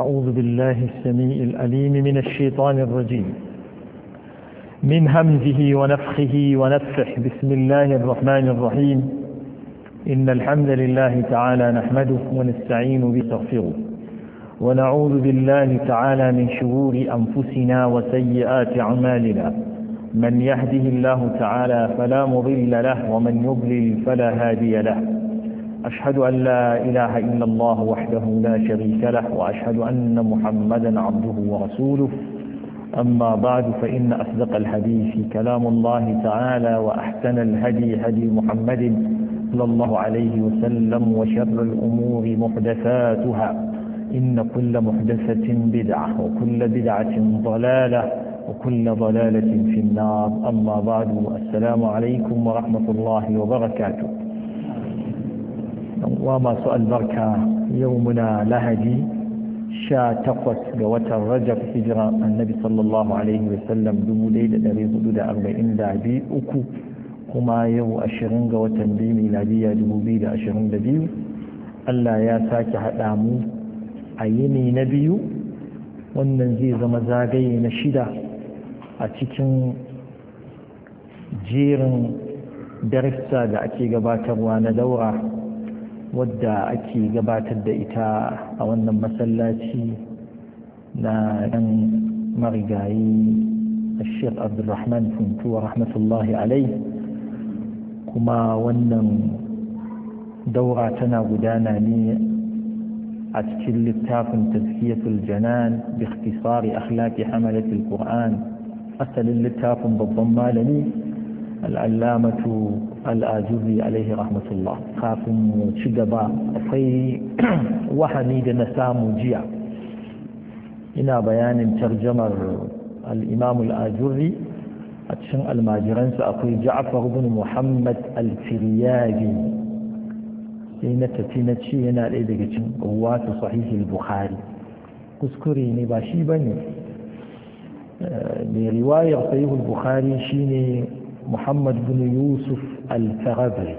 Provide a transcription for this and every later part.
أعوذ بالله السميع الأليم من الشيطان الرجيم من همزه ونفخه ونفح بسم الله الرحمن الرحيم إن الحمد لله تعالى نحمده ونستعين بتغفره ونعوذ بالله تعالى من شرور أنفسنا وسيئات أعمالنا من يهده الله تعالى فلا مضل له ومن يضلل فلا هادي له أشهد أن لا إله إلا الله وحده لا شريك له وأشهد أن محمدا عبده ورسوله أما بعد فإن أصدق الحديث كلام الله تعالى وأحسن الهدي هدي محمد صلى الله عليه وسلم وشر الأمور محدثاتها إن كل محدثة بدعة وكل بدعة ضلالة وكل ضلالة في النار أما بعد السلام عليكم ورحمة الله وبركاته uwa masu albarka yau muna lahadi sha takwas ga watan rajab hijira annabi sallallahu alaihi wasallam dubu ɗaya da ɗari hudu da arba'in da biyu uku kuma yau ashirin ga watan biyu miladiya dubu biyu da ashirin da biyu allah ya sake haɗa mu a yini na biyu wannan zai zama zagaye na shida a cikin jerin darissa da ake gabatarwa na daura wadda ake gabatar da ita a wannan masallaci na ɗan marigayi a ashir abdulrahman funtuwa rahmatullahi alai kuma wannan daura tana gudana ne a cikin littafin tafiyatul janan bi ikhtisari akhlaqi hamalatul qur'an asalin littafin babban malami alamatu. al'ajubi alaihi rahmatullah kafin mu ci gaba akwai wahani da na samu jiya ina bayanin tarjamar al'imam al'ajubi a cikin almajiransa akwai ja'afar bin muhammad al-firyabi sai na tafi na ce yana ɗaya daga cikin ruwatu sahihul bukhari kuskure ne ba shi bane eh, mai riwayar sahihul bukhari shine محمد بن يوسف الفغبري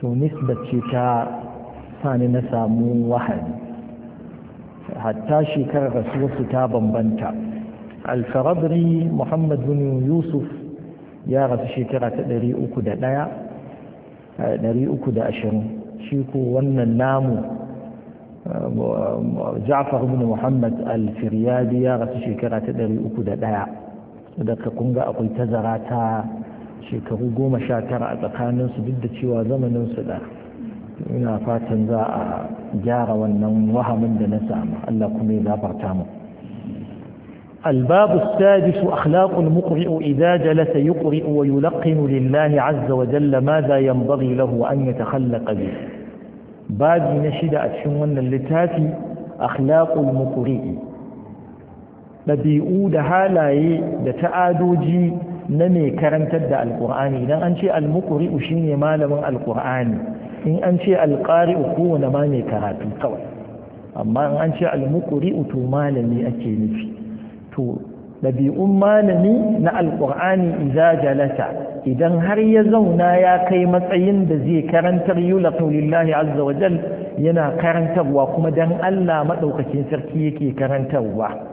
تو نسبة شكا ثاني نسامو واحد حتى شكا رسول كتابا بنتا الفغبري محمد بن يوسف يا رب شكرا تدري أكدا نيا دري أكدا أشر شكو ون النامو جعفر بن محمد الفريادي يا رب شكرا تدري أكدا نيا ka kunga akwai tazara ta shekaru goma sha tara a tsakaninsu duk da cewa zamaninsu da ina fatan za a gyara wannan wahamin da na samu Allah kuma ya zafarta mu الباب السادس أخلاق المقرئ إذا جلس يقرئ ويلقن لله عز وجل ماذا ينبغي له أن يتخلق به a نشد wannan اللتاتي أخلاق المقرئ ɗabi'u da halaye da ta'adoji na mai karantar da alƙur'ani idan an ce almukuri'u shine malamin alƙur'ani in an ce alƙari'u kowane ma mai karatu kawai amma in an ce almukuri'u to malami ake nufi to ɗabi'un malami na alƙur'ani idza jalata? idan har ya zauna ya kai matsayin da zai karantar yula lillahi azza wa jal yana karantarwa kuma dan Allah maɗaukacin sarki yake karantarwa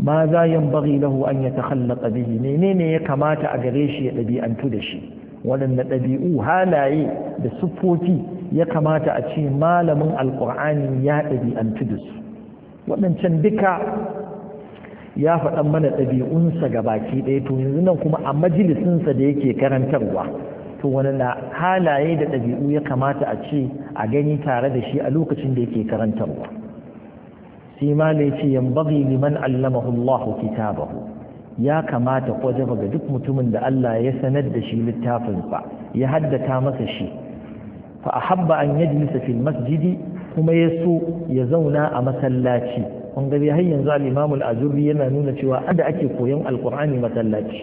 ma za bari lahu an yatakhallaqa bihi menene ya kamata a gare shi ya ɗabi'antu da shi waɗanne ɗabi'u halaye da siffofi ya kamata a ce malamin alƙur'ani ya ɗabi'antu da su waɗancan duka ya faɗan mana ɗabi'unsa ga baki ɗaya to yanzu nan kuma a majalisinsa da yake karantarwa to wani na halaye da ɗabi'u ya kamata a ce a gani tare da shi a lokacin da yake karantarwa sai ma da yace yambaghi liman allamahu Allah kitabahu ya kamata kwajaba ga duk mutumin da Allah ya sanar da shi littafin littafinsa ya haddata masa shi fa ahabba an yajlisa fil masjidi kuma ya so ya zauna a masallaci kun ga har yanzu al-Imam al yana nuna cewa ada ake koyan alqur'ani masallaci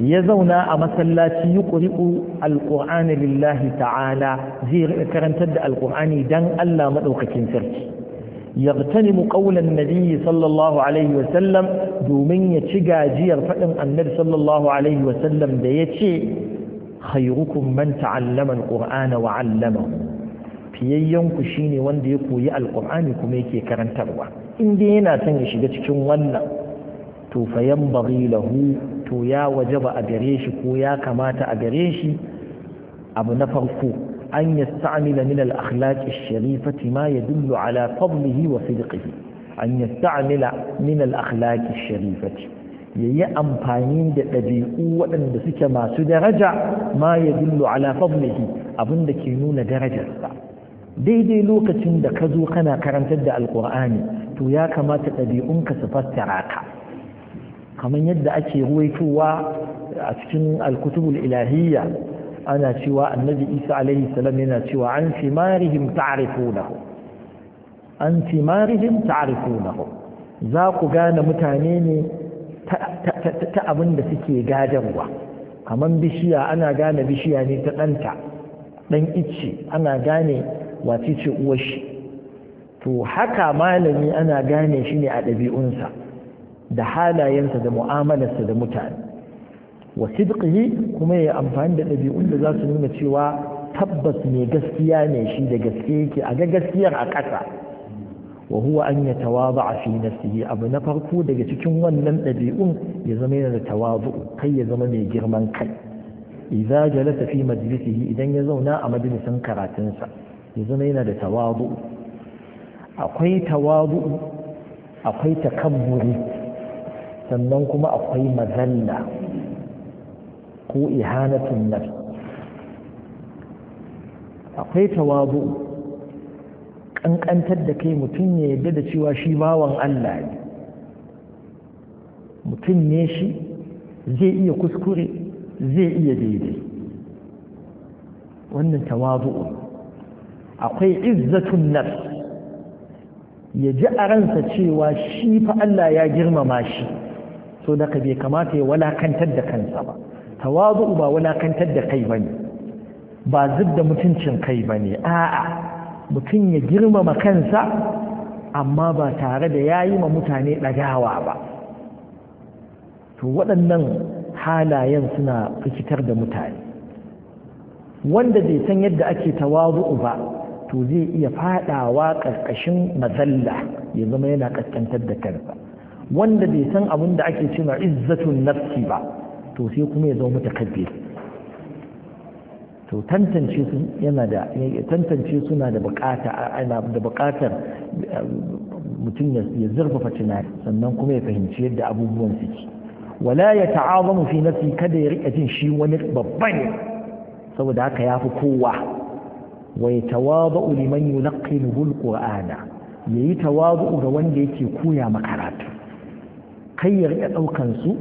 ya zauna a masallaci yuqri'u alqur'ana lillahi ta'ala zai karantar da alqur'ani dan Allah maɗaukakin sarki يغتنم قول النبي صلى الله عليه وسلم دومين يتشقى جير فإن النبي صلى الله عليه وسلم ديتشي خيركم من تعلم القرآن وعلمه fiyayyanku shi ne wanda ya koyi alkur'ani kuma yake karantarwa inda yana son ya shiga cikin wannan to fayan bari lahu to ya waje ba a gare shi ko ya kamata a gare shi abu na farko أن يستعمل من الأخلاق الشريفة ما يدل على فضله وصدقه أن يستعمل من الأخلاق الشريفة yayi amfani da ɗabi'u waɗanda suke masu daraja ma ya dillu ala fadlihi da ke nuna darajarsa daidai lokacin da ka zo kana karantar da alkur'ani to ya kamata ɗabi'unka su fassara ka kamar yadda ake ruwaitowa a cikin alkutubul ilahiyya ana cewa annabi isa alaihi salam yana cewa an simarihim ta'rifunahu an simarihim ta'rifunahu za ku gane mutane ne ta abin da suke gadarwa kamar bishiya ana gane bishiya ne ta ɗanta ɗan icce ana gane wace ce shi. to haka malami ana gane shi ne a ɗabi'unsa da halayensa da mu'amalarsa da mutane wa sidqihi kuma ya amfani da ɗabi'un da za su nuna cewa tabbas mai gaskiya ne shi da gaske yake a ga gaskiyar a ƙasa wa huwa an ya tawaba a fi nafsihi abu na farko daga cikin wannan ɗabi'un ya zama yana da tawabu kai ya zama mai girman kai idza jalasa fi majlisihi idan ya zauna a majalisin karatunsa ya zama yana da tawabu. akwai tawabu, akwai takabburi sannan kuma akwai mazalla ko ihanatun nafs akwai tawabu ƙanƙantar da kai mutum ya yadda da cewa shi bawan Allah ne mutum ne shi zai iya kuskure zai iya daidai wannan tawabu akwai izzatun nafs ya ji a ransa cewa shi fa Allah ya girmama shi so daga bai kamata ya walakantar da kansa ba tawadu ba wulakantar da kai bane ba zub da mutuncin kai bane a'a mutum ya girmama kansa amma ba tare da yayi ma mutane ɗagawa ba to waɗannan halayen suna rikitar da mutane wanda bai san yadda ake tawazu ba to zai iya fadawa ƙarƙashin mazalla ya zama yana ƙasƙantar da kansa wanda bai san abin da ake cewa izzatun nafsi ba to sai kuma ya zama mutakabbir to tantance su yana da tantance suna da bukata ana da bukatar eh, mutum ya zurfafa tunani sannan kuma ya fahimci yadda abubuwan suke wala ya ta'azamu fi nafsi kada ya rika jin shi wani babban saboda haka yafi kowa wa yatawadu liman yulqinuhu alqur'ana yayi tawadu ga wanda yake koya makaratu kai ya rika daukan su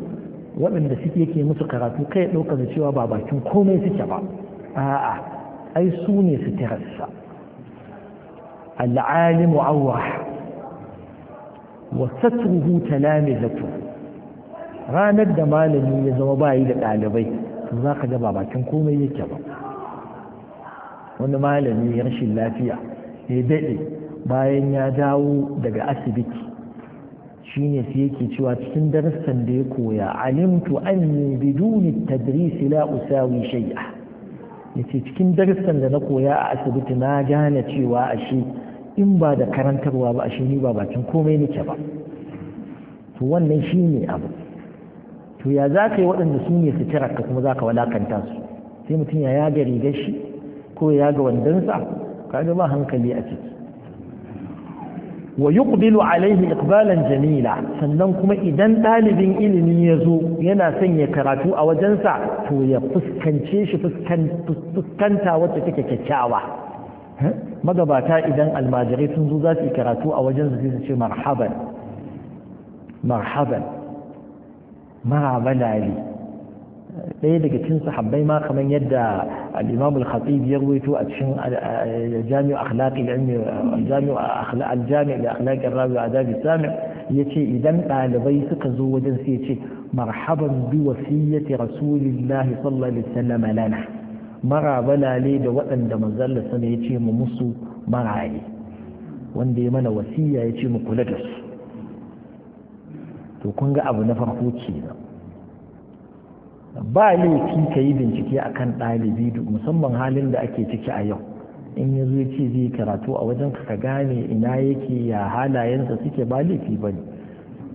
waɗanda suke ke musu karatu kai ɗauka da cewa ba bakin komai suke ba a'a ai su ne su tirarsa al'alimu awwa wa satruhu zato, ranar da malami ya zama bayi da ɗalibai za ka ga ba bakin komai yake ba wani malami rashin lafiya ya daɗe bayan ya dawo daga asibiti shine sai yake cewa cikin darussan da ya koya alimtu anni biduni tadris la usawi shay'a yace cikin darussan da na koya a asibiti na gane cewa ashe in ba da karantarwa ba ashe ni ba bakin komai nake ba to wannan ne abu to ya za ka yi waɗanda su ne suturarka kuma za ka walakanta su sai mutum ya yaga rigar shi ko ya yaga wandonsa ka ga ba hankali a ciki wa yuqbilu alaihi iqbalan jamila sannan kuma idan ɗalibin ilimi ya zo yana son ya karatu a wajensa to ya fuskance shi fuskanta wacce take kyakkyawa magabata idan almajirai sun zo za su yi karatu a wajensu sai su ce marhaban marhaban marabalali ɗaya daga cin sahabbai ma kamar yadda al-imam al-khatib ya ruwaito a cikin jami'u akhlaqi al-ilmi jami'u al-jami' li akhlaqi idan ɗalibai suka zo wajen sai yace marhaban bi wasiyyati rasulillah sallallahu alaihi wasallam lana balale da waɗanda manzon ya yace mu musu maraye wanda ya mana wasiya yace mu kula da su to kun ga abu na farko kenan ba laifi ka yi bincike a kan ɗalibi musamman halin da ake ciki a yau in ya zo ce zai karatu a wajen ka gane ina yake ya halayensa suke ba laifi ba ne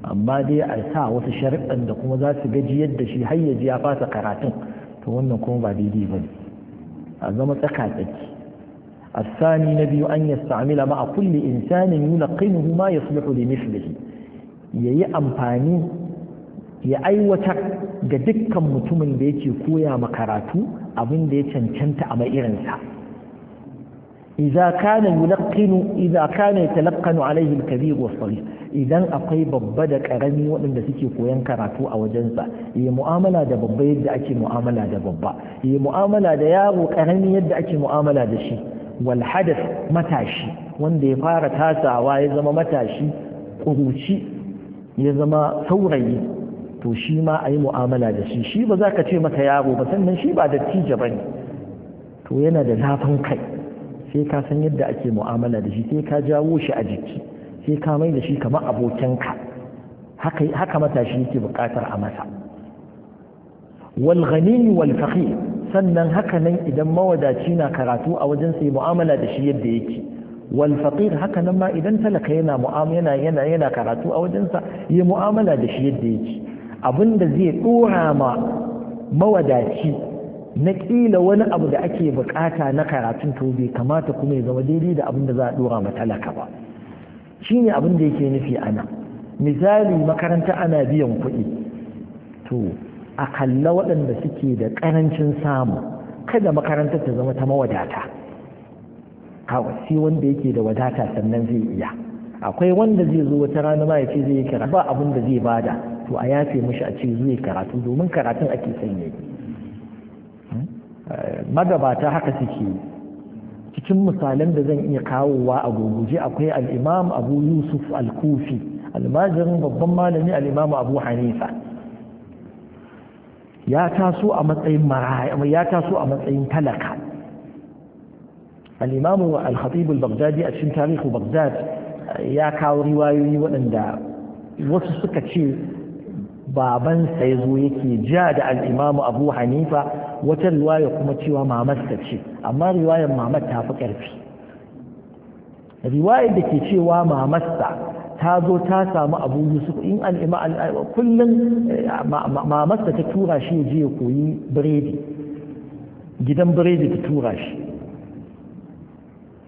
amma dai a sa wasu sharaɗan da kuma za su gaji yadda shi har ya ji ya fasa karatun to wannan kuma ba daidai ba ne a zama tsaka-tsaki الثاني نبي أن يستعمل مع كل إنسان يلقنه da يصلح Ya yi amfani. ya aiwatar ga dukkan mutumin da yake koya ma karatu abin da ya cancanta a mai irinsa idza kana yulqinu idza kana yatalaqqanu alayhi al-kabir wa idan akwai babba da karami waɗanda suke koyan karatu a wajensa yi mu'amala da babba yadda ake mu'amala da babba yi mu'amala da yaro karami yadda ake mu'amala da shi wal hadath matashi wanda ya fara tasawa ya zama matashi ƙuruci ya zama saurayi to shi ma a yi mu'amala da shi shi ba za ka ce masa yaro ba sannan shi ba dattija ba ne to yana da zafin kai sai ka san yadda ake mu'amala da shi sai ka jawo shi a jiki sai ka mai da shi kamar abokinka haka matashi yake buƙatar a masa wal ghani sannan haka nan idan mawadaci na karatu a wajen sai mu'amala da shi yadda yake wal haka nan ma idan talaka yana mu'amala yana yana karatu a wajensa sa yi mu'amala da shi yadda yake abin da zai ɗora ma mawadaci na ƙila wani abu da ake buƙata na karatun to bai kamata kuma ya zama daidai da abin da za a ɗora ma talaka ba shine abin da yake nufi ana misali makaranta ana biyan kuɗi to a kalla waɗanda suke da ƙarancin samu kada makarantar ta zama ta mawadata kawai sai wanda yake da wadata sannan zai iya akwai wanda zai zo wata rana ma ya ce zai karatu ba abin da zai bada to a yafe mishi a ce zai karatu domin karatun ake sanya hmm? eh, magabata haka suke cikin misalan da zan iya kawowa a goguje akwai al'imam abu yusuf al-kufi almajirin babban malami al'imam abu hanifa ya taso a matsayin ya taso a matsayin talaka al-imam al-khatib al-baghdadi a cikin tarihi baghdad ya kawo riwayoyi waɗanda wasu suka ce babansa ya zo yake ja da al'imamu abu hanifa wata riwaya kuma cewa mamarsa ce amma riwayar mamar ta fi ƙarfi riwayar da ke cewa mamarsa ta zo ta samu abu yusuf in al'ima kullum eh, mamarsa ta tura shi ya je ya koyi biredi gidan biredi ta tura shi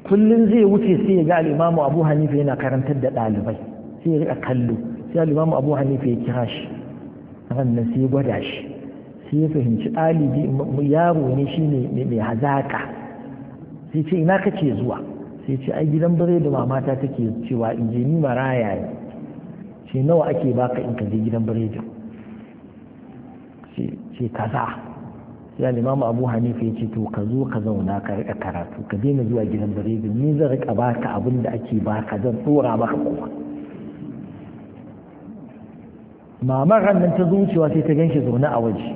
kullum zai wuce sai ya ga al'imamu abu hanifa yana karantar da ɗalibai sai ya riƙa kallo sai al'imamu abu hanifa ya kira shi rannan sai ya gwada shi sai ya fahimci ɗalibi yaro ne shi ne mai hazaƙa sai ce ina kace zuwa sai ce ai gidan biredi da mamata take cewa in je ni maraya ne nawa ake baka in ka je gidan biredi ce kaza ya limamu abu hanifa ya ce to ka zo ka zauna ka rika karatu ka daina zuwa gidan biredin ni zan rika baka abin da ake baka zan tsora maka kuma mamar rannan ta zuciwa sai ta ganshi zaune a waje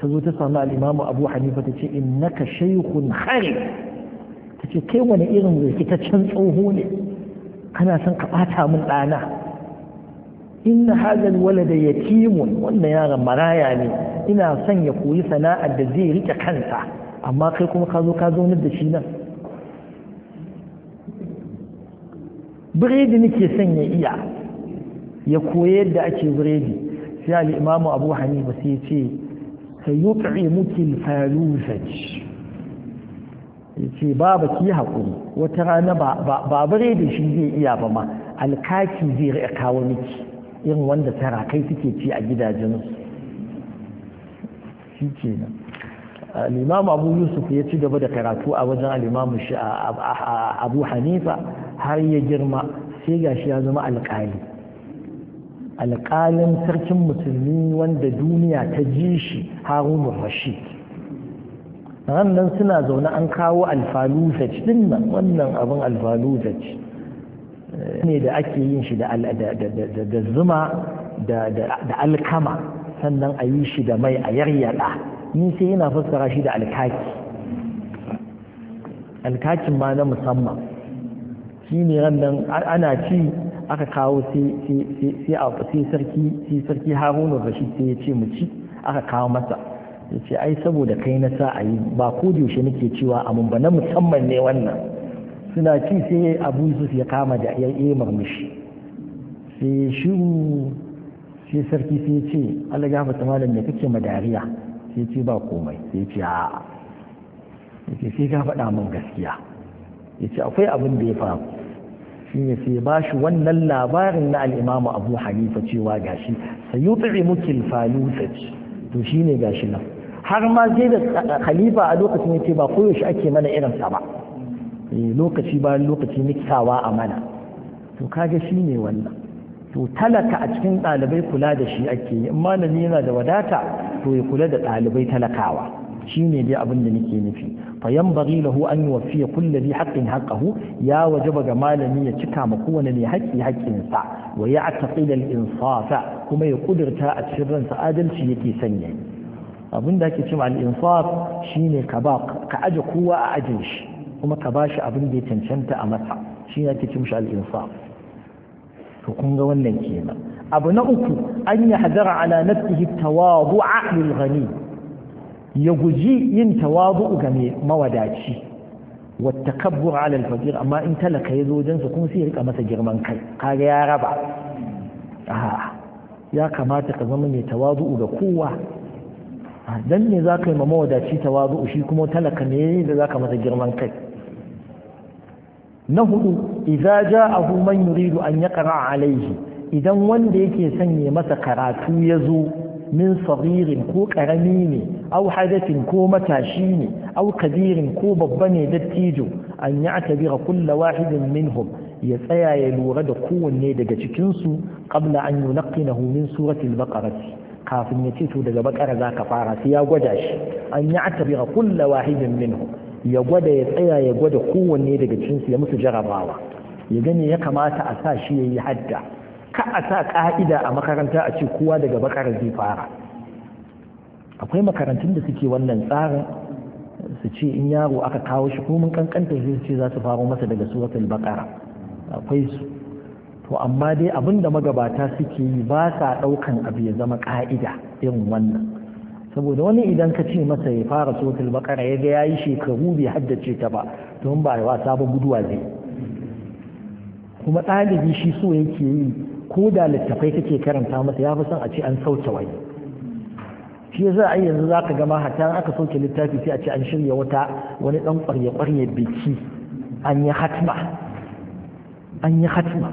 ta zo ta samu al'imamu abu hanifa ta ce innaka shaykhun hari ta ce kai wani irin rikitaccen tsoho ne kana son ka bata min ɗana inna hadha alwalada yatimun wannan yaron maraya ne ina son ya koyi sana'ar da zai rike kansa amma kai kuma ka zo ka zaunar da shi nan biredi nake son ya iya ya koyi yadda ake biredi sai al'imamu abu hanifa sai ya ce sayuƙi muke faruzaj ya ce Baba ki haƙuri wata rana ba biredi shi zai iya ba ma alkaki zai kawo miki irin wanda tara kai suke ci a gidajensu shi al-imam abu yusuf ya ci gaba da karatu a wajen al-imam abu hanifa har ya girma sai gashi ya zama alkali alƙalin sarkin musulmi wanda duniya ta ji shi harun rashid nan suna zaune an kawo alfaluzaj din nan wannan abin alfaluzaj eh, ne da ake yin shi da zuma da alkama sannan a yi shi da mai a yaryada ni sai yana fassara shi da alkaki alkakin ma na musamman shi ne randan ana ci aka kawo sai sarki haruna rashid sai ya ce mu ci aka kawo masa ya ce ai saboda kai na sa a yi ba ko yaushe nake cewa amin ba na musamman ne wannan suna ci sai abu yusuf ya kama da ya yi murmushi sai shiru sai sarki sai ce Allah ya fata malam me kake ma dariya sai ce ba komai sai ce a yace sai ka faɗa min gaskiya ya ce akwai abin da ya faru shine sai ba shi wannan labarin na al Abu Hanifa cewa gashi sayuti mukil falusaj to shine gashi nan har ma sai da khalifa a lokacin ya ce ba koyaushe ake mana irin sa ba eh, lokaci bayan lokaci miktawa a mana to kaga shine wannan to talaka a cikin ɗalibai kula da shi ake yi in malami yana da wadata to ya kula da ɗalibai talakawa shine dai abin da nake nufi fa yanbaghi lahu an yuwaffiya kulli bi haqqin haqqahu ya wajaba ga malami ya cika ma kowane ne haƙƙi hakkin sa wa ya'taqid al-insafa kuma ya kudurta a cikin ransa adalci yake sanya abin da ake cewa al-insaf shine ka ba ka aje kowa a ajin shi kuma ka bashi abin da ya cancanta a masa shine ake cewa al-insaf to kun ga wannan kenan abu na uku an yi hadara ala nafsihi tawadu'a lil ghani ya guji yin tawadu ga mai mawadaci wa takabbur ala al faqir amma in talaka ya zo jansa kuma sai ya rika masa girman kai kaga ya raba ya kamata ka zama mai tawadu'u ga kowa dan ne za ka yi ma mawadaci tawadu'u shi kuma talaka ne da za ka masa girman kai na hudu idza ja'ahu man yuridu an kara alaihi idan wanda yake sanye masa karatu ya zo min sabirin ko karami ne au hadatin ko matashi ne au kabirin ko babba ne dattijo an atabira tabira kulla wahidin minhum ya tsaya ya lura da kowanne daga cikinsu kabla an yunqinahu min suratil baqarah kafin ya ce to daga baƙara za ka fara sai ya gwada shi an ya tabira kulla wahidin minhum ya gwada ya tsaya ya gwada kowanne daga su ya musu jarabawa ya gani ya kamata a sa shi ya yi hadda ka a sa ka'ida a makaranta a ce kowa daga bakar zai fara akwai makarantun da suke wannan tsarin su ce in yaro aka kawo shi komin kankanta zai ce za su faro masa daga suratul baqara akwai su to amma dai abin da magabata suke yi ba sa ɗaukan abu ya zama ka'ida irin wannan saboda wani idan ka ce masa ya fara sotul bakara ya ga ya yi shekaru bai haddace ta ba to ba wasa ba guduwa zai kuma ɗalibi shi so yake yi ko da littafai kake karanta masa ya fi son a ce an sauke wani shi yasa ai yanzu zaka ka gama hatta aka sauke littafi sai a ce an shirya wata wani ɗan kwarye kwarye biki an yi hatma an yi hatma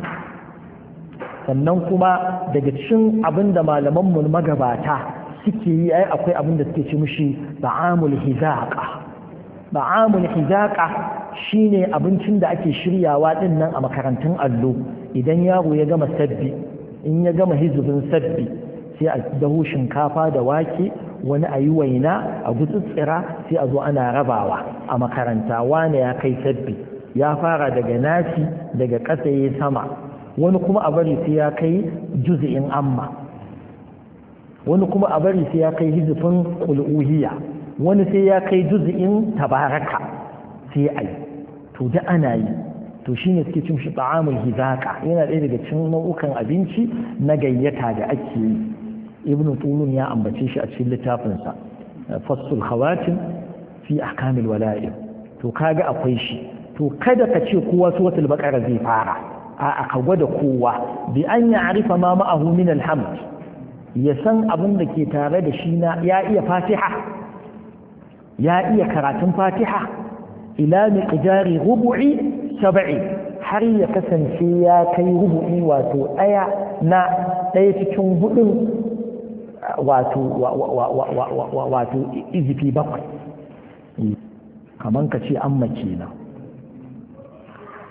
sannan kuma daga cikin abinda malaman mu magabata suke yi ai akwai abin da suke ci mushi ba'amul hizaqa ba'amul hizaqa shine abincin da ake shiryawa din nan a makarantun allo idan yaro ya gama sabbi in ya gama hizubin sabbi sai a dahu shinkafa da wake wani a yi waina a gutsutsira sai a zo ana rabawa a makaranta wani ya kai sabbi ya fara daga nasi daga ƙasa ya sama wani kuma a bari sai ya kai juz'in amma wani kuma a bari sai ya kai hizifin ƙul'uhiyya wani sai ya kai juzi'in tabaraka sai a yi to da ana yi to shine suke cin shi ta'amul hizaka yana ɗaya daga cikin nau'ukan abinci na gayyata da ake yi ibn tulun ya ambace shi a cikin littafinsa fassul khawatim fi ahkamil wala'im to kaga akwai shi to kada ka ce kowa suratul baqara zai fara a'a ka gwada kowa bi an ya'rifa ma ma'ahu min alhamd ya san abin da ke tare da shi na ya iya fatiha ya iya karatun fatiha ila miqdari rubu'i saba'i har ya kasance ya kai rubu'i wato ɗaya na ɗaya cikin hudun wato wato izifi bakwai Kamar ka ce amma na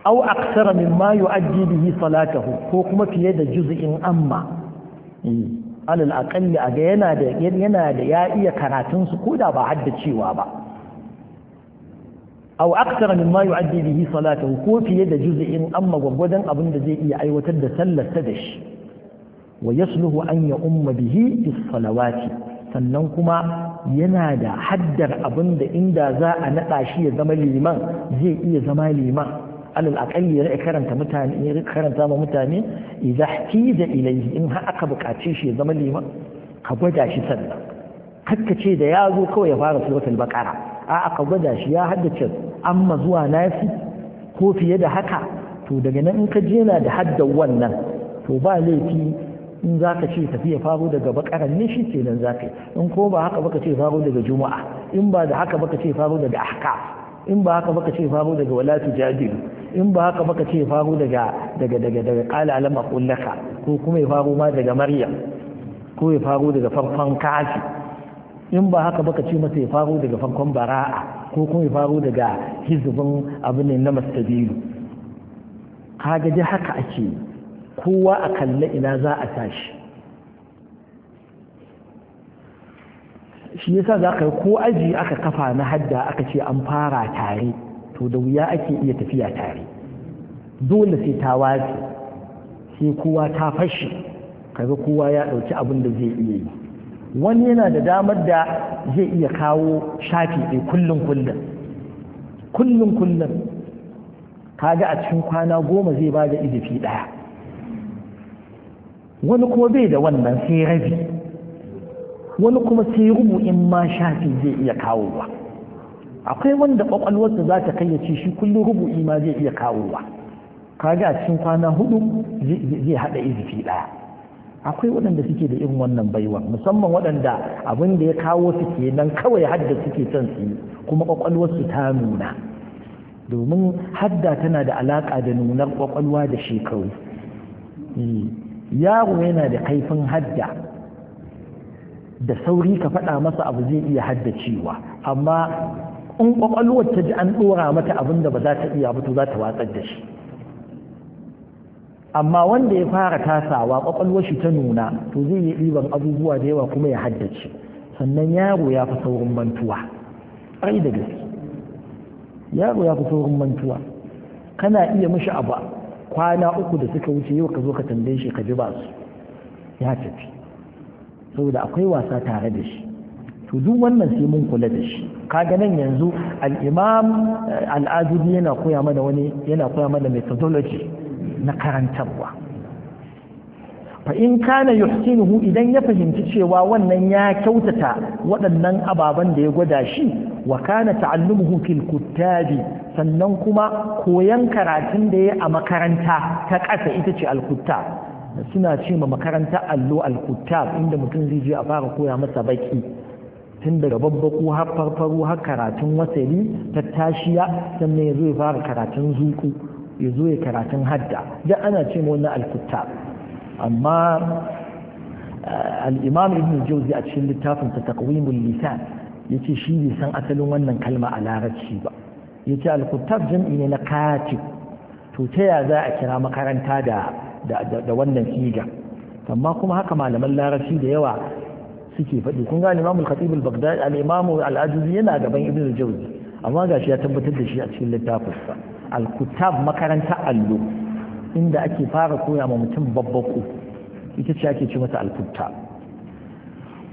au aksara min mimma ajiyar yi salatahu ko kuma fiye da juz'in amma eh. alal aƙalli a ga yana da yana da ya iya karatun su koda ba haddacewa ba aw akthara mimma yu'addi bihi salatahu ko fiye da juz'in amma gwagwadan abin da zai iya aiwatar da sallar ta da shi wa yasluhu an ya umma bihi bis salawati sannan kuma yana da haddar abin da inda za a naɗa shi ya zama liman zai iya zama liman alal akalli ya karanta mutane ya karanta ma mutane idza htiza ilayhi in har aka bukace shi ya zama liman ka gwada shi sannan ce da ya zo kawai ya fara suratul baqara a aka gwada shi ya haddace amma zuwa nasi ko fiye da haka to daga nan in ka je yana da haddan wannan to ba laifi in za ka ce tafiya faro daga bakaran ne shi kenan za ka yi in ko ba haka baka ce faro daga juma'a in ba da haka baka ce faro daga ahkaf in ba haka baka ce faro daga wala tujadilu in ba haka baka ce ya faru daga daga daga daga kala alama kullaka ko kuma ya faru ma daga maryam ko ya faru daga farkon kashi, in ba haka baka ce masa ya faru daga farkon bara'a ko kuma ya faru daga hizbin abin ne na mastabilu kaga dai haka ake kowa a kalla ina za a tashi shi yasa za ka ko aji aka kafa na hadda aka ce an fara tare to da wuya ake iya tafiya tare dole sai ta wace sai kowa ta fashe kaga kowa ya ɗauki abin da zai iya yi wani yana da damar da zai iya kawo shafi ɗai kullum kullum kullum kullum kaga a cikin kwana goma zai ba da izifi ɗaya wani kuma bai da wannan sai rabi wani kuma sai rubu in ma shafi zai iya kawo kawowa akwai wanda kwakwalwarsa za ta kayyace shi kullum rubu'i ma zai iya kawowa kaga a cikin kwana hudu zai haɗa izifi ɗaya. akwai waɗanda suke da irin wannan baiwa musamman waɗanda abin ya kawo su kenan kawai hadda suke son su yi kuma kwakwalwarsu ta nuna domin hadda tana da alaƙa da nunar kwakwalwa da shekaru eh, yaro yana da kaifin hadda da sauri ka faɗa masa abu zai iya haddacewa amma in kwakwalwar ta ji an ɗora mata abin da ba za ta iya ba to za ta watsar da shi amma wanda ya fara tasawa kwakwalwar shi ta nuna to zai yi ɗiban abubuwa da yawa kuma ya haddace sannan yaro ya fi saurin mantuwa da gaske yaro ya fi saurin mantuwa kana iya mishi abu kwana uku da suka wuce yau ka zo ka tambaye shi ka ji ba su ya tafi saboda akwai wasa tare da shi to duk wannan sai mun kula da shi kaga nan yanzu al-imam eh, al-ajudi yana koya mana wani yana koya mana methodology na karantarwa fa in kana yuhsinuhu idan ya fahimci cewa wannan ya kyautata waɗannan ababen da ya gwada shi wa kana ta'allumuhu fil kuttabi sannan kuma koyan karatun da ya a makaranta ta ƙasa ita ce al-kuttab suna ce ma makaranta allo al-kuttab inda mutum zai je a fara koya masa baki tun daga babbaku har farfaru har karatun wasali tashiya, sannan ya zo ya fara karatun zuku ya zo ya karatun hadda da ana ce wannan alkutta amma eh, al'imam ibn jauzi a cikin littafin ta taqwimul lisan yace shi bai san asalin wannan kalma a larabci ba yace al jam'i ne na katib to ta ya za a kira makaranta da da wannan siga amma kuma haka malaman larabci da yawa suke faɗi kun gane imamul khatib al-baghdadi al-imam al yana gaban ibn al-jawzi amma gashi ya tabbatar da shi a cikin littafin sa al-kutab allo inda ake fara koya ma mutum babbako ita ce ake ce mata al-kutab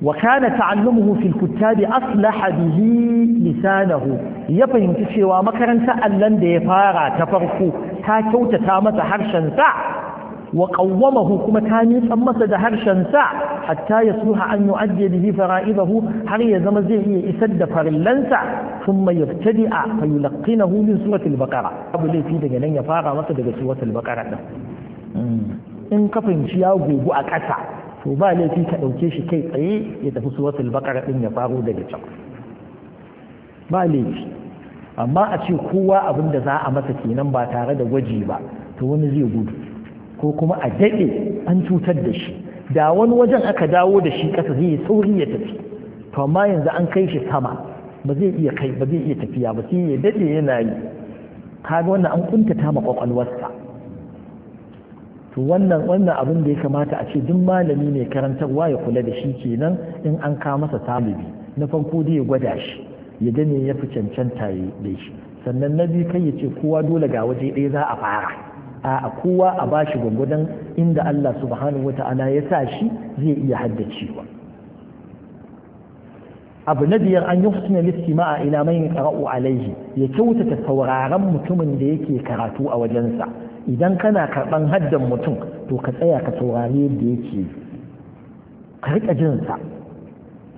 wa kana ta'allumuhu fil kuttabi aslaha bihi lisanahu ya fahimci cewa makarantar allan da ya fara ta farko ta kyautata masa harshen sa wa kuma ta nitsan masa da harshen sa hatta yasluha an yu'addi bihi fara'ibahu har ya zama zai iya isar da farillansa thumma yabtadi'a fa yulaqqinahu min suratil baqara abu laifi daga nan ya fara masa daga suratil baqara din hmm. in ka fahimci ya gugu a ƙasa to ba laifi ka ɗauke shi kai tsaye ya tafi suratul baqara din ya faro daga can ba laifi amma a ce kowa abin da za a masa kenan ba tare da gwaji ba to wani zai gudu ko kuma a daɗe an cutar da shi da wani wajen aka dawo da shi ƙasa zai yi sauri ya tafi to amma yanzu an kai shi sama ba zai iya kai ba zai iya tafiya ba sai ya daɗe yana yi kaga wannan an kuntata ma kwakwalwarsa to wannan wannan abin da ya kamata a ce duk malami ne karantarwa ya kula da shi kenan in an ka masa talibi na farko dai ya gwada shi ya gane ya fi cancanta ya shi sannan na biyu kai ya ce kowa dole ga waje ɗaya za a fara a kowa a ba shi gwangwadon inda Allah subhanahu wa ta'ala ya sa shi zai iya haddacewa abu na biyar an yi listi ma'a ila mai qara'u alaihi ya kyautata sauraron mutumin da yake karatu a wajensa idan kana karɓan haddan mutum to ka tsaya ka saurari yadda yake ka riƙa jin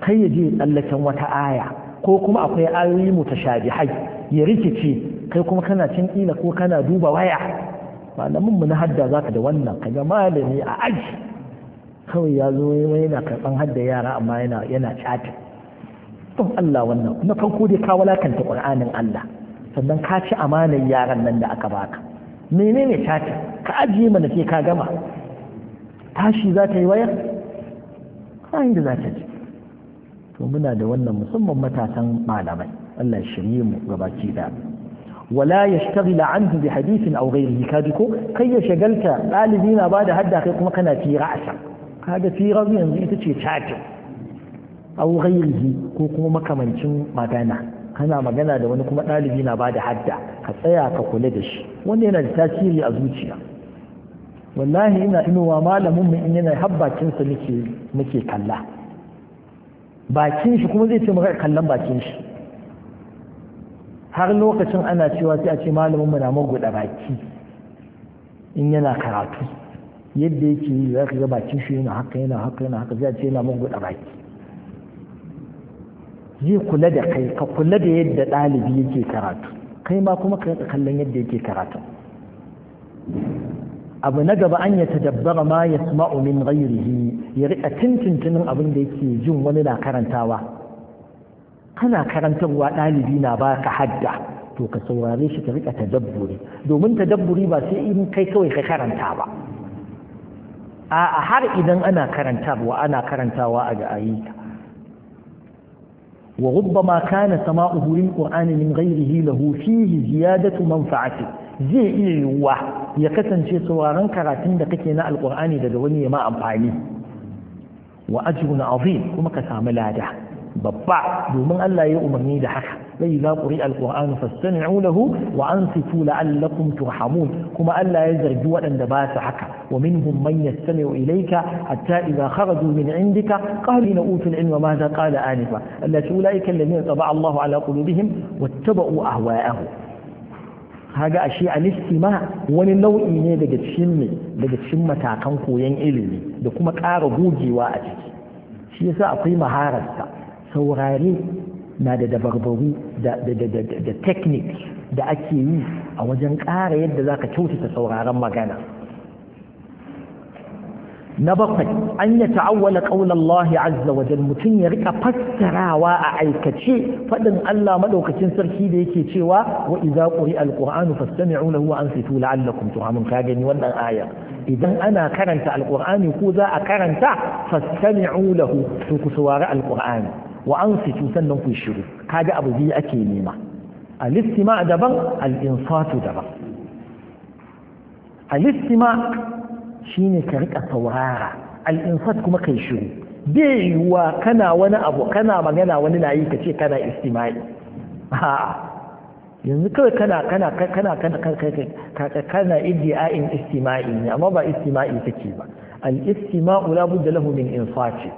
kai ya je tsallaken wata aya ko kuma akwai ayoyi mutashabihai ya rikice kai kuma kana cin kila ko kana duba waya malamin mu na hadda za ka da wannan ka ga malami a aji kawai ya zo yana karban hadda yara amma yana yana cata Allah wannan na farko dai ka walakanta Qur'anin Allah sannan ka ci amanar yaran nan da aka baka menene cati ka ajiye mana sai ka gama tashi za ta yi waya kayan da za ta ji to muna da wannan musamman matasan malamai Allah shirye mu gabaki da wala ya yashtaghala anhu da hadithin aw ghayrihi kaji ko kai ya shagalta dalibi na bada hadda kai kuma kana fira a can kaga fira yanzu ita ce chatin aw ghayrihi ko kuma makamancin magana kana magana da wani kuma dalibi na bada hadda ka tsaya ka kula da shi wanda yana da tasiri a zuciya wallahi ina inuwa malamin mu in yana habbakin sa nake nake kalla bakin shi kuma zai ce maka kallon bakin shi har lokacin ana cewa sai a ce malamin mu na maguda baki in yana karatu yadda yake yi za ka ga bakin shi yana haka yana haka yana haka sai a ce yana maguda baki zai kula da kai ka kula da yadda ɗalibi yake karatu kai ma kuma ka kallon yadda yake karatu abu na gaba an ya tadabbara ma ya min ghairihi ya rika tuntuntunin abin da yake jin wani na karantawa kana karantarwa ɗalibi na ba ka hadda to ka saurare shi ka rika tadabburi domin tadabburi ba sai in kai kawai ka karanta ba A'a har idan ana karantarwa ana karantawa a ga ayyuka wa rubbama kana sama'u hurin qur'ani min ghairihi lahu fihi ziyadatu manfa'ati zai iya yiwuwa ya kasance sauraron karatun da kake na alkur'ani daga wani ya ma amfani wa ajrun azim kuma ka samu lada babba domin Allah ya umarni da haka sai za ku ri'a alqur'anu fastami'u lahu wa ansitu la'allakum turhamun kuma Allah ya zargi waɗanda ba su haka wa minhum man yastami'u ilayka hatta idza kharaju min indika qalu na utul ilma ma za qala anifa allati ulaika alladhina taba'a Allahu ala qulubihim wattaba'u ahwa'ahum kaga ashe alistima wani nau'i ne daga cikin ne daga cikin matakan koyon ilimi da kuma ƙara gogewa a ciki shi yasa akwai mahararsa saurari na da dabarbaru da techniques da ake yi a wajen ƙara yadda za ka kyautata sauraron magana na bakwai an ya ta'awwala ƙaunar Allah azza wajen mutum ya rika fassarawa a aikace faɗin Allah maɗaukacin sarki da yake cewa wa idza quri alƙur'anu fastami'u lahu wa ansitu la'allakum turhamun ka gani wannan ayar idan ana karanta alqur'ani ko za a karanta fastami'u lahu to ku saurari alqur'ani wa an fito sannan ku shiru kaga abu biyu ake nema al-istima daban al-insatu daban al-istima shine ka rika saurara al-insat kuma kai shiru bai yiwuwa kana wani abu kana magana wani na ka ce kana istima'i ha yanzu kawai kana kana kana kana kana iddi'a'in istima'i ne amma ba istima'i take ba al-istima'u la budda lahu min insati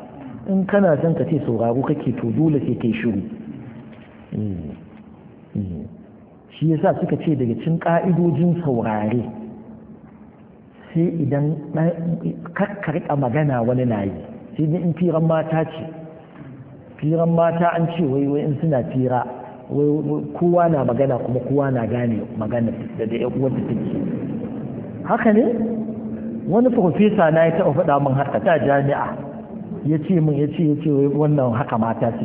in kana son ka ce sauraro kake to dole sai kai shiru eh, eh. shi yasa suka ce daga cin ka'idojin saurare sai idan kakkarka magana wani na yi sai in firan mata ce firan mata an ce wai wai in suna fira kowa na magana kuma kowa na gane magana da da wadda take haka ne wani profesa na ya taɓa faɗa min haka ta jami'a ya ce min ya ce ya ce wannan haka mata ce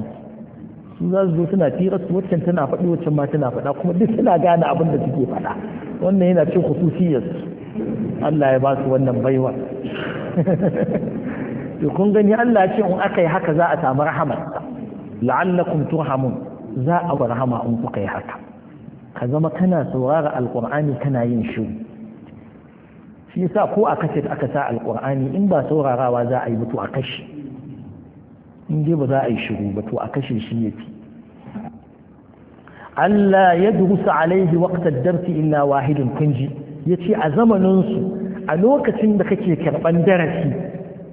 su za su zo suna fira su waccan tana faɗi waccan ma tana faɗa kuma duk suna gane abin da suke faɗa wannan yana cin khususiyar Allah ya ba su wannan baiwa to kun gani Allah ya ce in aka yi haka za a samu rahamarsa la'allakum turhamun za a rahama in kuka yi haka ka zama kana saurara alqur'ani kana yin shiru shi yasa ko a kace aka sa alqur'ani in ba saurarawa za a yi mutu a kashi in dai ba za a yi shiru ba to a kashe shi ya fi Allah ya durusa alaihi waqtar darsi illa wahidun kunji ya ce a zamaninsu a lokacin da kake karɓan darasi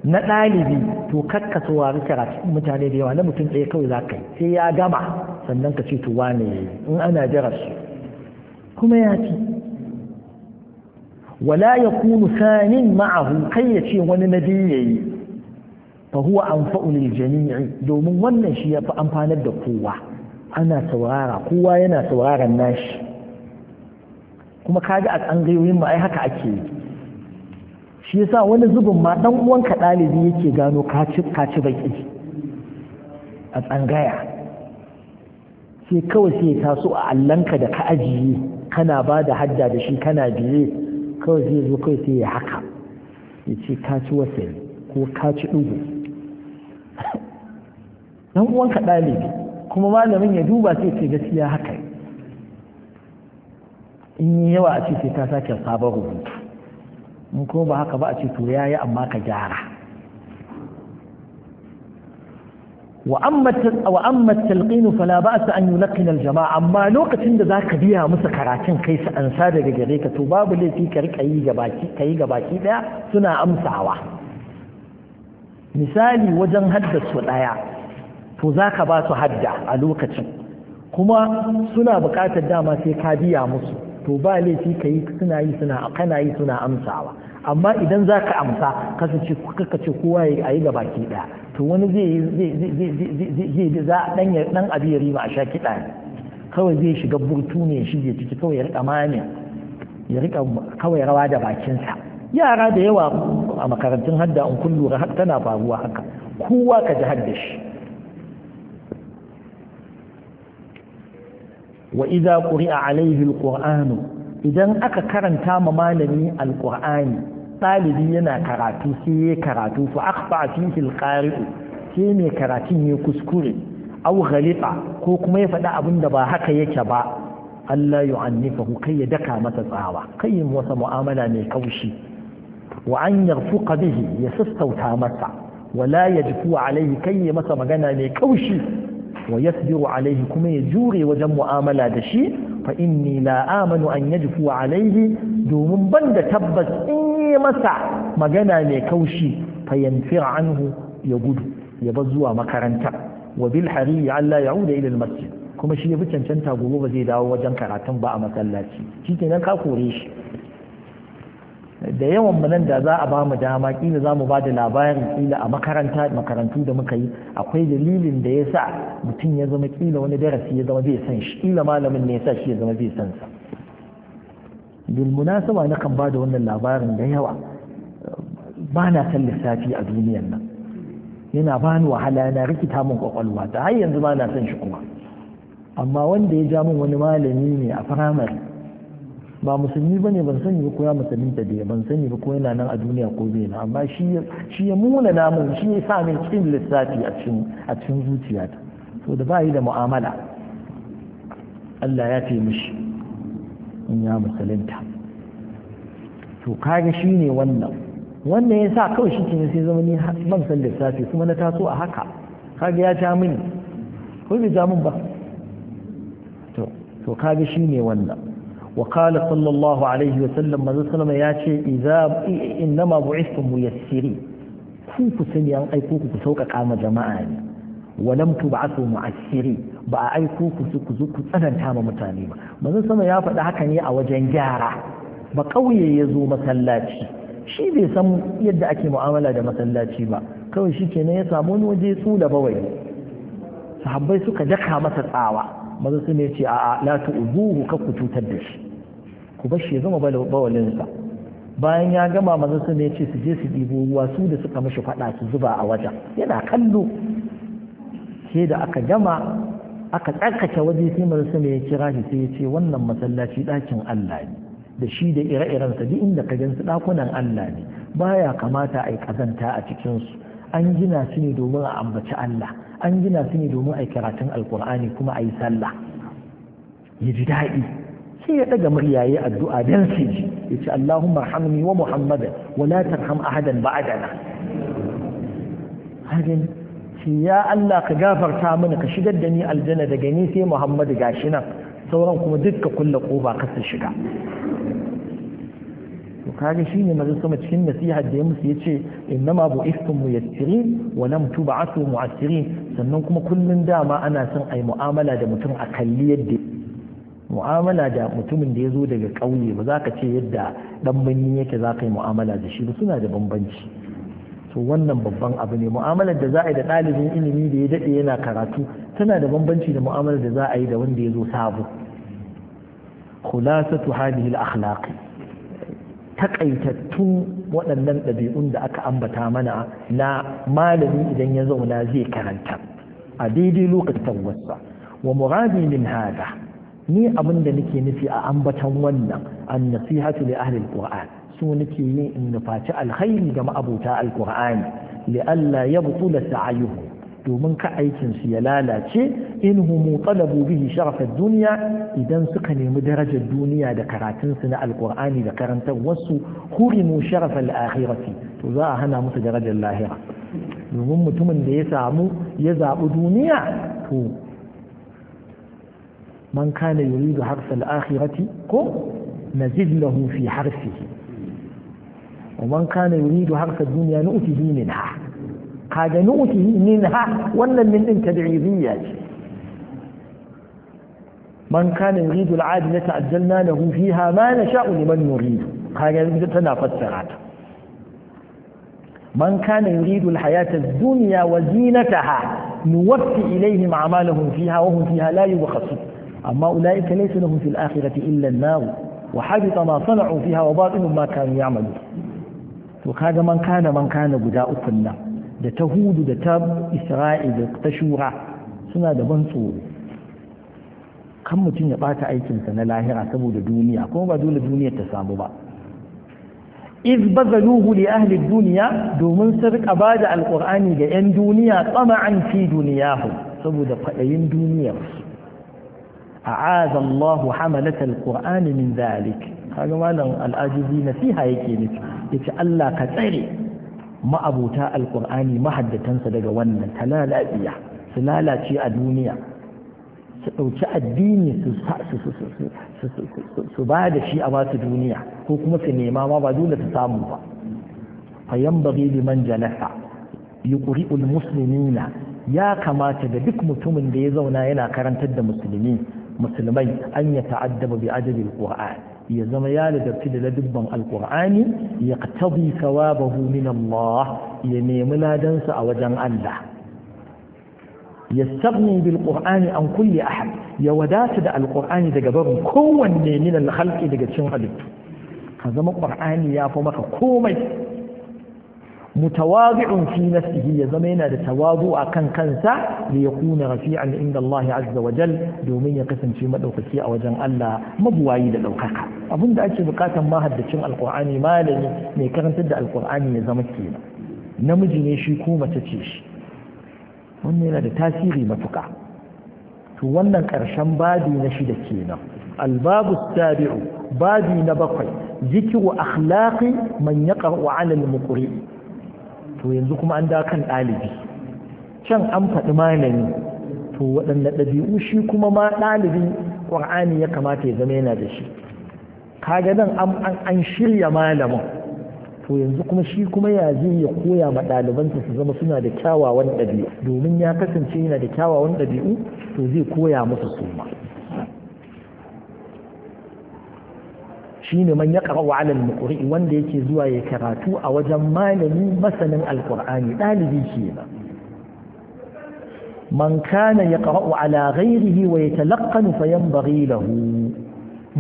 na ɗalibi to kakka saurari karatu mutane da yawa na mutum ɗaya kawai za ka yi sai ya gama sannan ka ce to wane in ana darasu kuma ya fi wala ya kunu sanin ma'ahu kai ya ce wani na biyayi fa huwa anfa'u lil jami'i domin wannan shi ya fi amfanar da kowa ana saurara kowa yana saurara nashi kuma kaga a tsangayoyin mu ai haka ake shi yasa wani zubin ma dan uwanka ɗalibi yake gano kaci ci baki a tsangaya sai kawai sai taso a allanka da ka ajiye kana ba da hadda da shi kana biye kawai zai zo kawai sai ya haka ya ce kaci wasai ko kaci ɗugu dan uwanka ɗalibi kuma malamin ya duba sai ce gaskiya haka in yi yawa a ce ta sake sabon rubutu in ko ba haka ba a ce to ya yi amma ka gyara wa amma talqinu fa la ba'sa an yulqina al jama'a amma lokacin da zaka biya musu karatun kai su ansa daga gare ka to babu laifi ka rika yi ga baki kai ga baki daya suna amsawa misali wajen haddasa ɗaya to za ka ba su hadda a lokacin kuma suna bukatar dama sai ka biya musu to ba laifi ka yi suna yi suna kana yi suna amsawa amma idan za ka amsa kasance kuka ce kowa a yi gaba ke ɗaya to wani zai za ɗan ɗan abu ya rima a sha kiɗa ne kawai zai shiga burtu ne shi zai ciki kawai ya riƙa mani ya riƙa kawai rawa da bakinsa yara da yawa a makarantun hadda in kun tana faruwa haka kowa ka ji hadda shi wa idza quri'a alayhi alquran idan aka karanta ma malami Alƙur'ani, ɗalibi yana karatu sai ya karatu fa akhfa fihi alqari'u sai mai karatun ya kuskure aw ghalita ko kuma ya faɗi abin da ba haka yake ba Allah yu'annifahu kai ya daka masa tsawa kai wasa mu'amala mai kaushi wa anyar yarfuqa bihi ya sassauta masa wala yajfu alaihi kai ya masa magana mai kaushi wa yasbiru alaihi kuma ya jure wajen mu'amala da shi fa inni la amanu an yajfu alaihi domin banda tabbas in yi masa magana mai kaushi fa yanfir anhu ya gudu ya bar zuwa makaranta wa bil Allah ya ila al masjid kuma shi ya fi cancanta gobe ba zai dawo wajen karatun ba a masallaci shi kenan ka kore shi da yawan mu nan da za a ba mu dama kila za mu ba da labarin kila a makaranta makarantu da muka yi akwai dalilin da ya sa mutum ya zama kila wani darasi ya zama bai san shi kila malamin ne ya sa shi ya zama bai san sa bil munasaba na kan ba da wannan labarin da yawa ba na san lissafi a duniyar nan yana ba ni wahala yana rikita min kwakwalwa ta har yanzu ba na san shi kuma amma wanda ya ja min wani malami ne a firamare ba musulmi bane ban sani ba ko ya musulmi ta da ban sani ba ko yana nan a duniya ko bai na amma shi shi ya muna namun shi ya sa min cikin lissafi a cikin a cikin zuciyata so da ba yi da mu'amala Allah ya ce mishi in ya musulunta to kage shi ne wannan wannan ya sa kawai shi ke sai zama ni ban san lissafi kuma na taso a haka kage ya ja mini ko bai ja min ba to to kage shi ne wannan وقال صلى الله عليه وسلم ماذا سلم ياتي اذا انما بعثتم ميسرين كن كسن يان ايكو كو سوكا قام جماعه ولم تبعثوا معسرين با ايكو كو سو كزو كو تسدنتا ما متاني ما ماذا سلم يا فدا هكا ني ا وجهن جارا ba ƙauye ya zo masallaci shi bai san yadda ake mu'amala da masallaci ba kawai shi kenan ya samu wani waje tsula bawai sahabbai suka daka masa tsawa mazasu ya ce a la tu'zuhu ka ku cutar da shi ku bashi ya zama bawalinsa bayan ya gama manzon sun ya ce su je su ɗibo ruwa su da suka mashi faɗa su zuba a wajen yana kallo sai da aka gama aka tsarkake waje sai manzon sun ya kira shi sai ya ce wannan masallaci ɗakin Allah ne da shi da ire-iren sa duk inda ka gansu ɗakunan Allah ne baya kamata a yi kazanta a cikin su an gina su ne domin a ambaci Allah an gina su ne domin a yi karatun alkur'ani kuma a yi sallah ya ji daɗi sai ya daga murya yayi addu'a dan su ji yace Allahumma arhamni wa Muhammadan wa la tarham ahadan ba'dana hadin shi ya Allah ka gafarta mini ka shigar da ni aljanna daga ni sai Muhammad gashi nan sauran kuma dukkan kulle kofa ka su shiga to kage shine maza kuma cikin nasiha da ya musu yace innama bu'istum muyassirin wa lam tub'athu mu'assirin sannan kuma kullun dama ana son ai mu'amala da mutum a kalli yadda mu'amala da mutumin da ya zo daga ƙauye ba za ka ce yadda ɗan birni yake za ka yi mu'amala da shi ba suna da bambanci to wannan babban abu ne mu'amalar da za a yi da ɗalibin ilimi da ya daɗe yana karatu tana da bambanci da mu'amalar da za a yi da wanda ya zo sabo khulasatu hadhihi al-akhlaq taƙaitattun waɗannan ɗabi'un da aka ambata mana na malami idan ya zauna zai karanta a daidai lokacin wasa wa muradi min hada ni abin da nake nufi a ambatan wannan an nasihatu li ahli alquran su nake yin in nufaci alkhairi ga ma'abuta alqur'ani li alla yabtula sa'yuhu domin ka aikin su ya lalace in humu talabu bihi sharafar duniya idan suka nemi darajar duniya da karatun su na alqur'ani da karantar wasu hurimu sharafal akhirati to za a hana musu darajar lahira domin mutumin da ya samu ya zaɓi duniya to من كان يريد حرث الآخرة كم نزد له في حرثه ومن كان يريد حرث الدنيا نؤته منها قال نؤته منها ولا من انت بعيدية من كان يريد العادلة أجلنا له فيها ما نشاء لمن نريد هذا تنافت سراته من كان يريد الحياة الدنيا وزينتها نوفي إليهم أعمالهم فيها وهم فيها لا يبخسون أما أولئك ليس لهم في الآخرة إلا النار وحاجط ما صنعوا فيها وباطن ما كانوا يعملوا وكذا من كان من كان بداء كنا دا تهود دا تاب إسرائيل دا تشورا سنة دا بنصور كم متين يبات أي سنة لاهرة سبو دا دونيا كم با دول دونيا تسامبا إذ بذلوه لأهل الدنيا دو من سرق أباد القرآن دا دونيا طمعا في دنياهم سبو دا قائم a'aza Allah hamalatal qurani min zalik kaga malam al'ajizi nasiha yake nufi yace Allah ka tsare ma'abuta qurani mahaddatansa daga wannan talalabiya su lalace a duniya su ɗauki addini su ba da shi a basu duniya ko kuma su nema ma ba dole su samu ba fayan bari liman jalasa yuqri'ul ulmuslimina ya kamata da duk mutumin da ya zauna yana karantar da musulmi musulmai an ya ta'addaba bi adabin qur'an ya zama ya ladabci da ladibban alqur'ani ya tabi thawabahu min Allah ya nemi ladansa a wajen Allah yastaghni bil qur'ani an kulli ahad ya wadata da alqur'ani daga barin kowanne min al daga cikin halittu ka zama qur'ani ya fi maka komai mutawazi'un fi nafsihi ya zama yana da tawazu a kan kansa da ya kuna rafi'an inda Allah azza wa jal domin ya kasance madaukaki a wajen Allah mabuwayi da daukaka da ake bukatan mahaddacin alqur'ani malami mai karantar da alqur'ani ya zama kenan namiji ne shi ko mace ce shi wannan yana da tasiri matuka to wannan karshen babi na shida kenan albabu tabi'u babi na bakwai zikiru akhlaqi man yaqra'u 'ala al-muqri' to yanzu kuma an da kan ɗalibi can an faɗi malami to waɗanne ɗabi'u shi kuma ma ɗalibin ƙur'ani ya kamata ya zama yana da shi kaga nan an shirya malamin to yanzu kuma shi kuma ya zai ya koya ma ɗalibansa su zama suna da kyawawan ɗabi'u domin ya kasance yana da kyawawan ɗabi'u to zai koya musu su shine man ya karu 'ala al-muqri wanda yake zuwa ya karatu a wajen malami masanin alqur'ani dalibi kenan man kana ya qara'u 'ala ghayrihi wa yatalaqqanu fayanbaghi lahu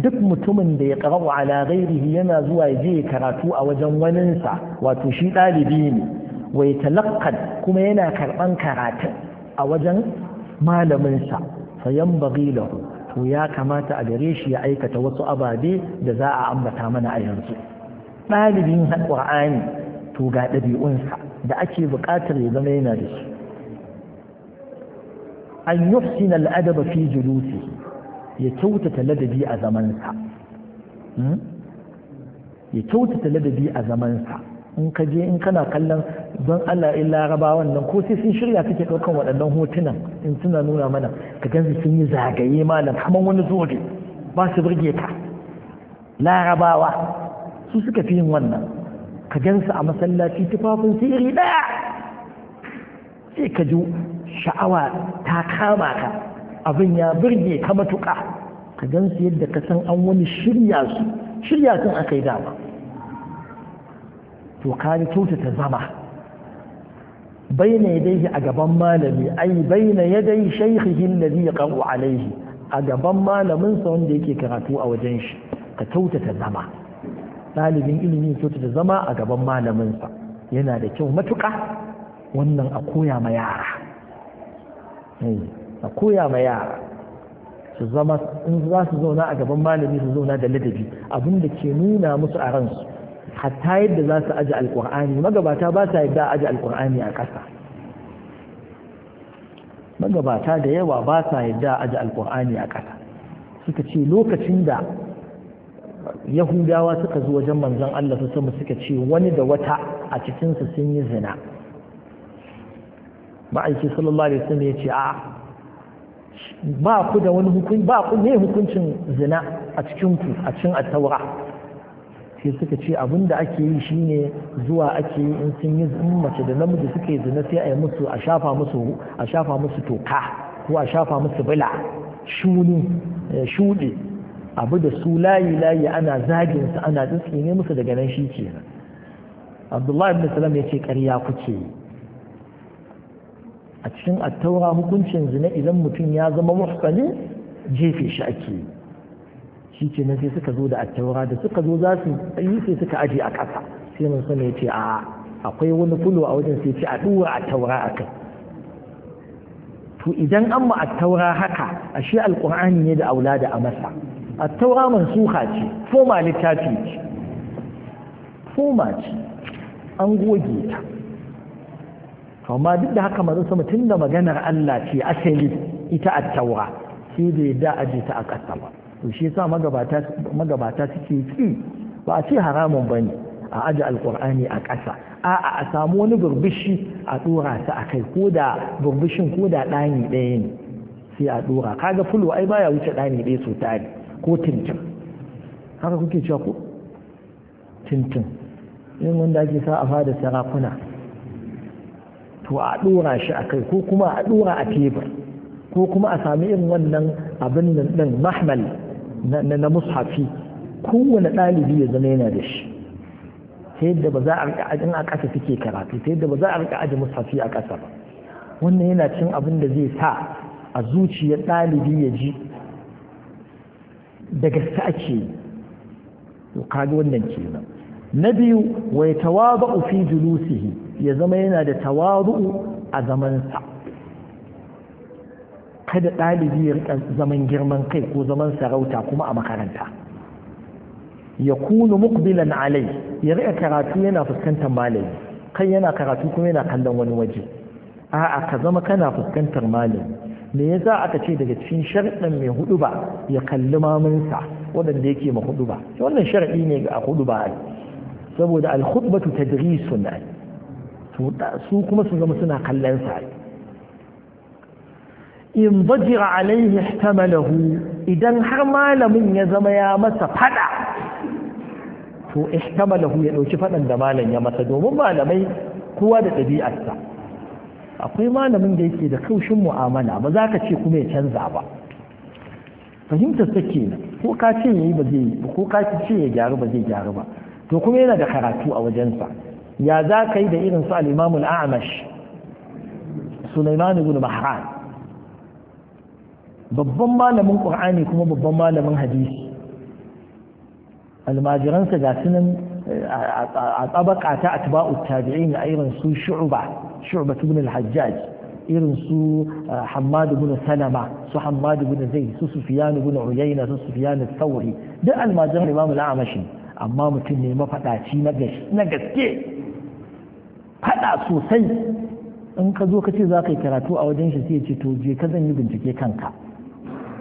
duk mutumin da ya qara'u 'ala ghayrihi yana zuwa ya je karatu a wajen waninsa wato shi dalibi ne wa yatalaqqan kuma yana karban karatu a wajen malaminsa fayanbaghi lahu to ya kamata a gare shi ya aikata wasu ababe da za a ambata mana a yanzu ɗalibin ƙur'ani to ga ɗabi'unsa da ake buƙatar ya zama yana da shi. an yufsin al'adaba fi julusi ya kyautata ladabi a zamansa hmm? ya kyautata ladabi a zamansa in ka je in kana kallon don Allah in larabawan nan ko sai sun shirya suke ɗaukan waɗannan hotunan in suna nuna mana ka gansu sun yi zagaye malam kamar wani zobe ba su burge ka larabawa su suka fi yin wannan ka gansu a masallaci tufafin su ɗaya sai ka ji sha'awa ta kama ka abin ya burge ka matuƙa ka gansu yadda ka san an wani shirya su shirya sun aka yi dama to kani tuta kyautata zama baina yadayhi a gaban malami ai baina yadayhi shaykhihi alladhi yaqau alayhi a gaban malamin sa wanda yake karatu a wajen shi ka kyautata zama Dalibin ilimi kyautata zama a gaban malamin sa yana da kyau matuƙa wannan a koya ma yara eh, a koya ma yara su zama in za su zauna a gaban malami su zauna da ladabi abinda ke nuna musu a ransu hatta yadda za su aji Alƙur'ani, magabata ba sa yadda aji Alƙur'ani a ƙasa magabata da yawa ba sa yadda aji Alƙur'ani a ƙasa suka ce lokacin da yahudawa suka zo wajen manzon Allah su sama suka ce wani da wata a cikinsu sun yi zina ma'aiki sallallahu alaihi wasallam ya ce a ba ku da wani hukunci ba ku ne hukuncin zina a cikin ku a cikin at-taura sai suka ce abin da ake yi shine zuwa ake yi in sun yi mace da namiji suka yi zina sai a yi musu a shafa musu a shafa musu toka ko a shafa musu bila shuni eh, shudi abu da su layi layi ana zagin su ana tsitsi ne musu daga nan shi kenan Abdullahi ibn Salam ya ce ƙarya kuke yi a cikin attaura hukuncin zina idan mutum ya zama muhsani jefe shi ake yi shi ce sai suka zo da attaura da suka zo za su yi sai suka aje a ƙasa sai mun sani ya ce a akwai wani fulo a wajen sai ce a ɗuwa attaura a kai to idan an ma attaura haka ashe alƙur'ani ne da aulada a masa attaura mansuha ce foma littafi ce foma ce an goge ta amma duk da haka manzo sama da maganar Allah ce asali ita attaura sai da yadda aje ta a ƙasa ba to shi sa magabata suke ki ba a ce haramun ba ne. a aji alkur'ani a ƙasa a a samu wani burbushi a ɗora ta a kai ko da burbushin ko da ɗani ɗaya ne sai a ɗora kaga fulo ai baya wuce ɗani ɗaya so tari ko tintin haka kuke cewa ko tintin yin wanda ake sa a fada sarakuna to a ɗora shi a kai ko kuma a ɗora a tebur ko kuma a sami irin wannan abin nan ɗin mahmal na mushafi kowane dalibi ya zama yana da shi ta yadda ba za a rika ajin a ƙasa suke karatu ta yadda ba za a rika ajin mushafi a ƙasa ba wannan yana cin abin da zai sa a zuciyar dalibi ya ji da gaske ake yi kaga wannan kenan na biyu wai tawaba'u fi julusihi ya zama yana da tawaru a zamansa kada ɗalibi ya rika zaman girman kai ko zaman sarauta kuma a makaranta ya kunu mukbilan alai ya riƙa karatu yana fuskantar malami kai yana karatu kuma yana kallon wani waje a'a ka zama kana fuskantar malami me yasa aka ce daga cikin sharɗin mai hudu ba ya kalli mamansa waɗanda yake ma hudu ba wannan sharɗi ne a hudu ba saboda al-khutbatu tadrisun su kuma su zama suna kallon sa in bajira alaihi ihtamalahu idan har malamin ya zama ya masa fada to ihtamalahu ya dauki fadan da malam ya masa domin malamai kowa da ɗabi'arsa akwai malamin da yake da kaushin mu'amala ba za ka ce kuma ya canza ba fahimtar ta kenan ko ka ce yayi ba zai ko ka ce ya gyaru ba zai gyaru ba to kuma yana da karatu a wajensa ya za ka yi da irin su al-imamul a'mash Sulaiman ibn Mahran babban malamin ƙur'ani kuma babban malamin hadisi almajiransa ga sunan eh, a tsabaka ta atba'u tabi'in a irin su shu'ba shu'ba ibn al irin su eh, hammad ibn salama su hammad ibn zaid su sufyan ibn uyayna su sufyan al-thawri duk almajiran imam al-amashi amma mutum ne mafadaci na gaske fada sosai in ka zo ka ce za ka yi karatu a wajen shi sai ce to je ka zan yi bincike kanka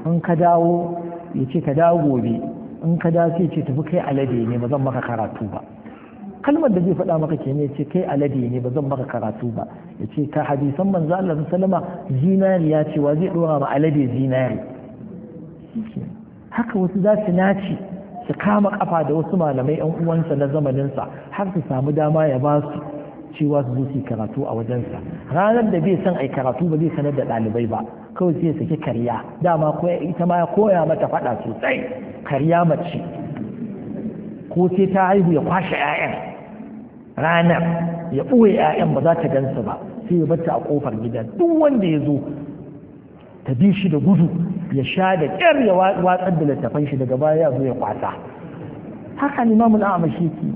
in ka dawo ya ce ka dawo gobe in ka dawo sai ce tafi kai alade ne ba zan maka karatu ba kalmar da zai faɗa maka kenan ya ce kai alade ne ba zan maka karatu ba ya ce ka hadisan manzo Allah sallama zinari ya ce wa zai dora ma alade zinari haka wasu za su naci su kama kafa da wasu malamai yan uwansa na zamaninsa har su samu dama ya ba su cewa su zuci karatu a wajensa ranar da bai san ai karatu ba zai sanar da ɗalibai ba kawai sai saki karya dama ita ma ya koya mata faɗa sosai karya mace ko sai ta haihu ya kwashe 'ya'yan ranar ya ɓoye 'ya'yan ba za ta gansu ba sai ya bata a kofar gidan duk wanda ya zo ta bi shi da gudu ya sha da ƙyar ya watsar da littafan shi daga baya ya zo ya kwasa haka limamul a'amashi ke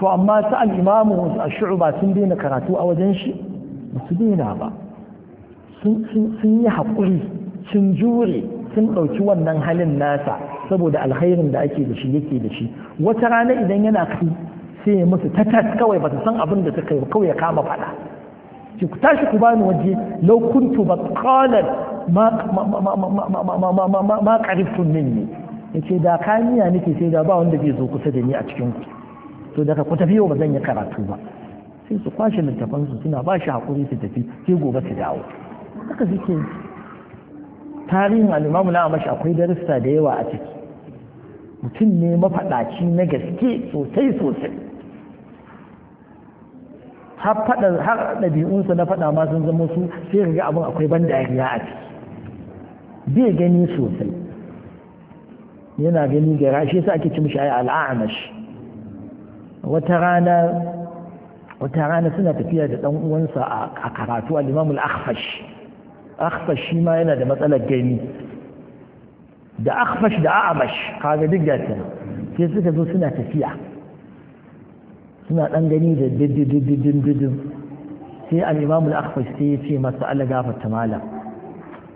to amma ta al'imamu a shu'uba sun daina karatu a wajen shi ba su daina ba sun yi hakuri sun jure sun ɗauki wannan halin nasa saboda alkhairin da ake da shi yake da shi wata rana idan yana kai sai ya musu ta tas kawai ba su san abin da suka yi kawai ya kama faɗa ki ku tashi ku bani waje law kuntu batqalan ma ma ma ma ma ma ma yace da ma nake ma ma ba wanda zai zo kusa da ni a ma ma to daga ku tafi yau ba zan yi karatu ba sai su kwashe littafan su suna ba shi hakuri su tafi sai gobe su dawo haka suke tarihin al'imamu na amashi akwai darussa da yawa a ciki mutum ne mafaɗaci na gaske sosai sosai har ɗabi'unsa na faɗa ma sun zama su sai ga abin akwai ban dariya a ciki bai gani sosai yana gani gara shi sa ake ci mishi ai al'amash wata rana suna tafiya da ɗan uwansa a karatu a limamul akhfash akhfash shi ma yana da matsalar gani da akhfash da a'amash kaga duk gata sai suka zo suna tafiya suna ɗan gani da dindindindindindin sai al'imamul akhfash sai ya ce masa ala gafata malam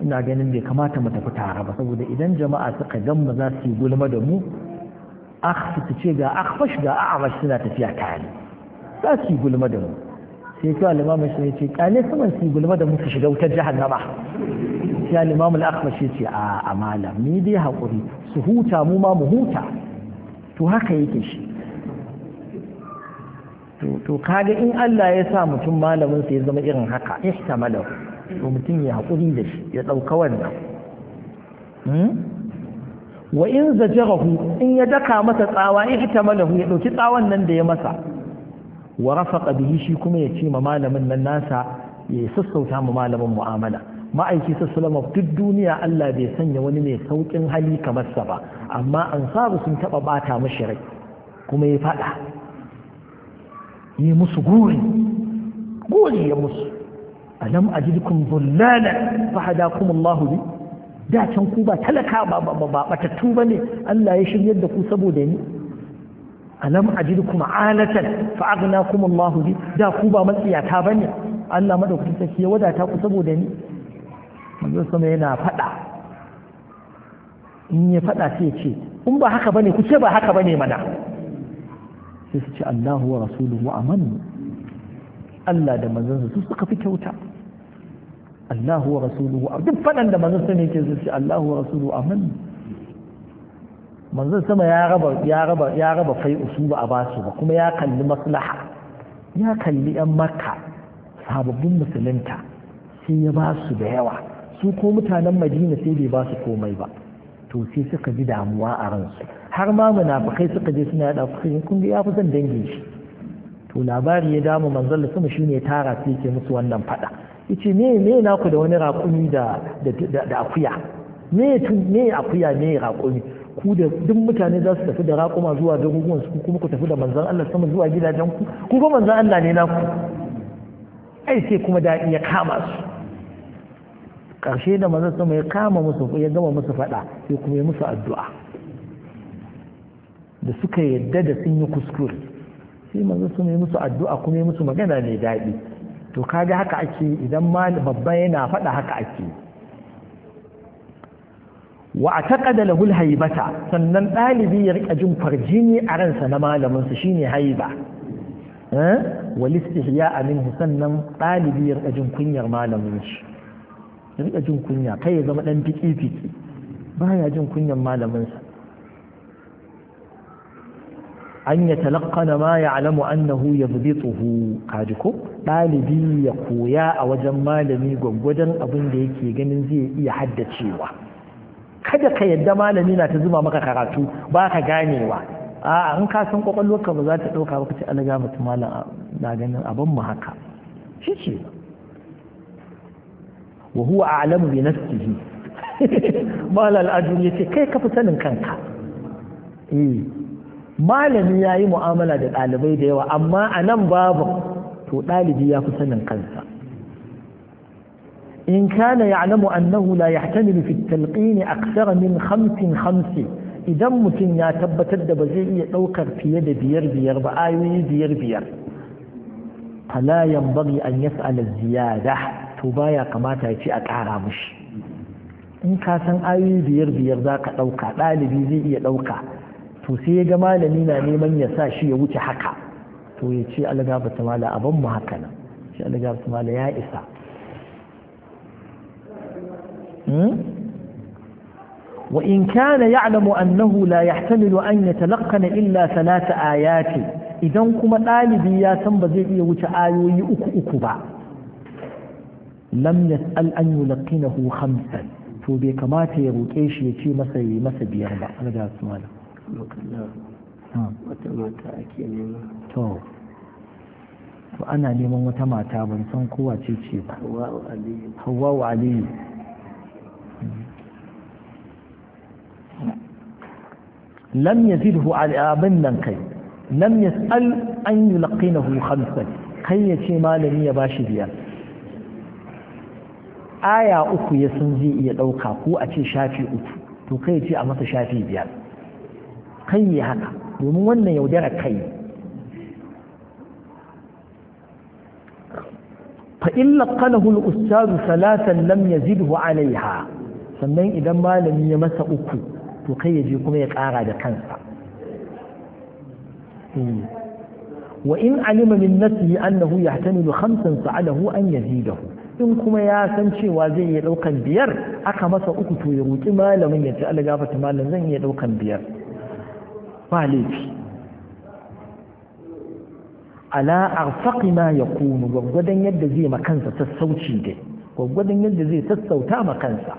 ina ganin bai kamata mu tafi tare ba saboda idan jama'a suka gan mu za su yi gulma da mu akhfi su ce ga akhfash ga a'amash suna tafiya tare za su yi gulma da mu sai kawai limamin shi ce kale saman su yi gulma da mu su shiga wutar jahannama sai al akhfash ya ce a amala ni dai haƙuri su huta mu ma mu huta to haka yake shi to kaga in Allah ya sa mutum malamin sa ya zama irin haka ihtamala to mutum ya haƙuri da shi ya dauka wannan wa in zajarahu in ya daka masa tsawa in malahu ya ɗauki tsawon nan da ya masa wa rafaqa bihi shi kuma ya ce ma malamin nan nasa ya sassauta ma malamin mu'amala ma'aiki sassalama duk duniya Allah bai sanya wani mai saukin hali kamar sa ba amma ansaru sun taɓa bata mashi rai kuma ya fada yi musu guri guri ya musu alam ajidukum dhullalan fa hadakum bi da can ku ba talaka ba ba ba batattu Allah ya shirya da ku saboda ni alam ajidukum alatan fa aghnakum Allah bi da ku ba matsiyata ne. Allah madaukakin sarki ya wadata ku saboda ni manzo sama yana fada in ya fada sai ya ce in ba haka bane ku ce ba haka bane mana sai su ce Allahu wa rasuluhu amanu Allah da manzon su suka fi kyauta Allahu wa rasuluhu duk faɗan da manzon sama yake zuci Allahu wa rasuluhu amin manzon sama ya raba ya raba ya raba fai usuba a basu ba kuma ya kalli maslaha ya kalli yan makka sababbin musulunta sai ya basu da yawa su ko mutanen madina sai bai basu komai ba to sai suka ji damuwa a ransu har ma munafikai suka je suna yada kusurin kun ga ya fi son dangin shi to labari ya damu manzon sama shine tara sai ke musu wannan fada yace me me naku da wani raƙumi da da akuya me tun me akuya me raƙumi ku da duk mutane za su tafi da raƙuma zuwa garuruwan su kuma ku tafi da manzon Allah sama zuwa gidajen ku ku ga manzon Allah ne naku ai sai kuma da ya kama su Karshe da manzon sama ya kama musu ya gama musu faɗa sai kuma ya musu addu'a da suka yadda da sun yi kuskure sai manzon sama ya musu addu'a kuma ya musu magana mai daɗi to kaga haka ake idan ma babba yana faɗa haka ake wa a taƙada lahul haibata sannan ɗalibi ya riƙa jin farjini a ransa na malaminsa shine haiba eh? walistihya a minhu sannan ɗalibi ya riƙa jin kunyar malamin shi ya riƙa jin kunya kai ya zama ɗan fiki-fiki ba ya jin kunyar malaminsa an ya na ma ya alamu annahu ya buɗe tsohu kajiko ɗalibi ya koya a wajen malami gwaggwajen abin da yake ganin zai iya haddacewa kada ka yadda malami na ta zuma maka karatu ba ka ganewa a an ka san ka ba za ta ɗauka ba ka ce alaga mutum malam na ganin abin mu haka shi ce wa huwa a'lamu bi nafsihi malal ajuri yace kai ka fi sanin kanka eh malami ya yi mu'amala da ɗalibai da yawa amma a nan babu to ɗalibi ya fi sanin kansa in kana ya alamu annahu la ya hatani da fitalƙini a min hamsin hamsi idan mutum ya tabbatar da ba zai iya ɗaukar fiye da biyar biyar ba ayoyi biyar biyar falayan bari an yasa ala ziyada to baya kamata ya ce a ƙara mushi in ka san ayoyi biyar biyar za ka ɗauka ɗalibi zai iya ɗauka to sai ya ga malami na neman ya sa shi ya wuce haka to ya ce algaba ta mu haka nan shi algaba ya isa hmm? wa in kana ya'lamu annahu la yahtamilu an yatalaqqana illa thalatha ayati idan kuma ɗalibi ya san ba zai iya wuce ayoyi uku uku ba lam yas'al an yulqinahu khamsan to bai kamata ya roƙe shi ya ce masa yi masa biyar ba ana neman wata mata ban san kowa ce ce ba wa aliyu lam yazidhu abin nan kai lam yas'al an yulqinahu khamsan kai ya ce malami ya bashi biyar aya uku ya sun zai iya ɗauka ko a ce shafi uku to kai ya ce a masa shafi biyar kai yi haka domin wannan yaudara kai fa illa qalahu ustadu salatan lam yazidhu alaiha sannan idan malami ya masa uku to kai ya je kuma ya kara da kansa hmm. wa in alima min nafsihi annahu yahtamilu khamsan sa'alahu an yazidahu in kuma ya san cewa zai iya ɗaukan biyar aka masa uku to ya roki malamin ya ci algafata gafarta malamin zan iya ɗaukan biyar ba laifi ala arfaqi ma yakunu gwaggwadon yadda zai makansa sassauci dai gwaggwadon yadda zai sassauta makansa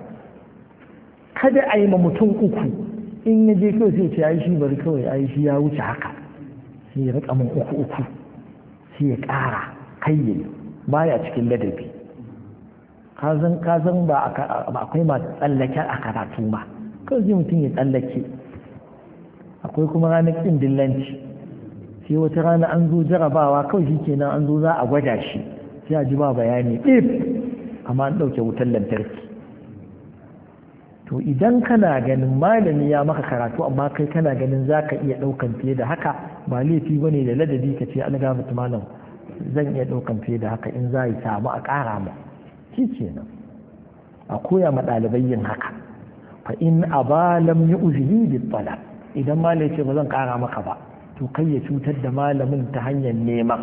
kada a yi ma mutum uku in ya je kawai sai ce ai shi bari kawai ai shi ya wuce haka sai ya rika min uku uku sai ya ƙara kayyayi baya cikin ladabi kazan kazan ba akwai masu tsallake a karatu ba kawai mutum ya tsallake akwai kuma ranar ƙin dillanci sai wata rana an zo jarabawa kawai shi kenan an zo za a gwada shi sai a ji ba bayani ɗif amma an ɗauke wutar lantarki to idan kana ganin malami ya maka karatu amma kai kana ganin za ka iya ɗaukan fiye da haka ba laifi ba ne da ladabi ka ce an gama malam zan iya ɗaukan fiye da haka in za yi samu a ƙara ma shi kenan a koya ma ɗalibai yin haka fa in a lam yi uzuri bi talab idan Malam ce ba zan ƙara maka ba to kai ya cutar da malamin ta hanyar neman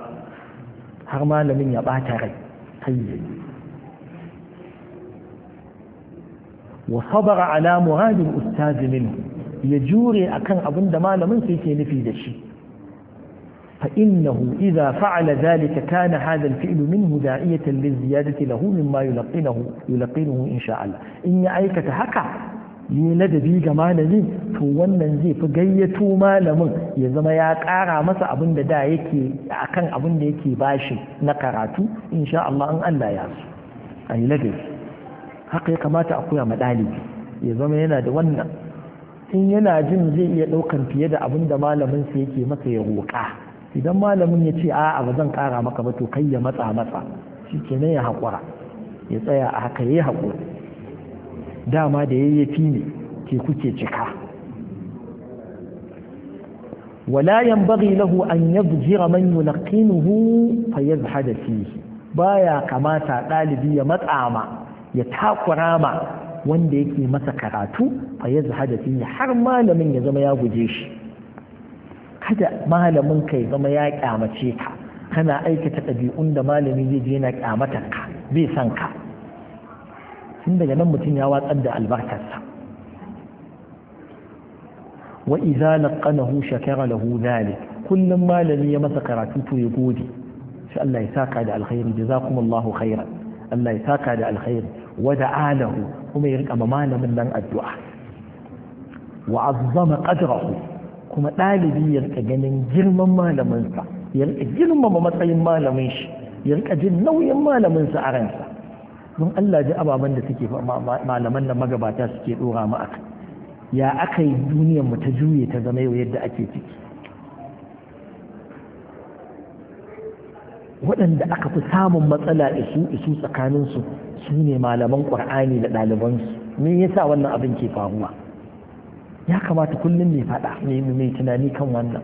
har malamin ya ɓata rai kai ya yi wa sabara ala muradin ustazi minhu ya jure akan abin da malamin sai ke nufi da shi fa innahu idza fa'ala zalika kana hadha al-fi'l minhu da'iyatan liziyadati lahu mimma yulqinahu yulqinahu insha Allah in ya aikata haka yi ladabi ga malami to wannan zai fi gayyato malamin ya zama ya ƙara masa abin da da yake akan abin da yake bashi na karatu insha Allah an Allah ya su a yi ladabi haka ya kamata a koya ma ɗalibi ya zama yana da wannan in yana jin zai iya ɗaukan fiye da abin da malamin sa yake masa ya roƙa idan malamin ya ce a'a ba zan ƙara maka ba to kai ya matsa matsa shi ya haƙura ya tsaya a haka ya yi haƙuri dama da yayyafi ne ke kuke cika wala yanbaghi lahu an yabjira man yulaqinuhu fa yazhada fihi baya kamata dalibi ya matsama ya takura ma wanda yake masa karatu fa yazhada fihi har malamin ya zama ya guje shi kada malamin ka ya zama ya kyamace ka kana aikata ɗabi'un da malamin zai je na kyamatar ka bai san ka tun daga nan mutum ya watsar da albarkarsa wa idza laqanahu shakara lahu dhalik kullum malami ya masa karatu to ya gode shi Allah ya saka da alkhairi jazakumullahu khairan Allah ya saka da alkhairi wa da'alahu kuma ya rika malamin nan addu'a wa azzama qadrahu kuma dalibi ya rika ganin girman malamin sa ya rika girmama matsayin malamin shi ya rika jin nauyin malamin sa a ransa don Allah ji ababen da suke malaman da magabata suke dora mu aka ya aka yi duniyar mu ta juye ta zama yau yadda ake ciki waɗanda aka fi samun matsala isu isu tsakanin su ne malaman ƙur'ani da ɗalibansu me yasa wannan abin ke faruwa ya kamata kullum mai faɗa mai tunani kan wannan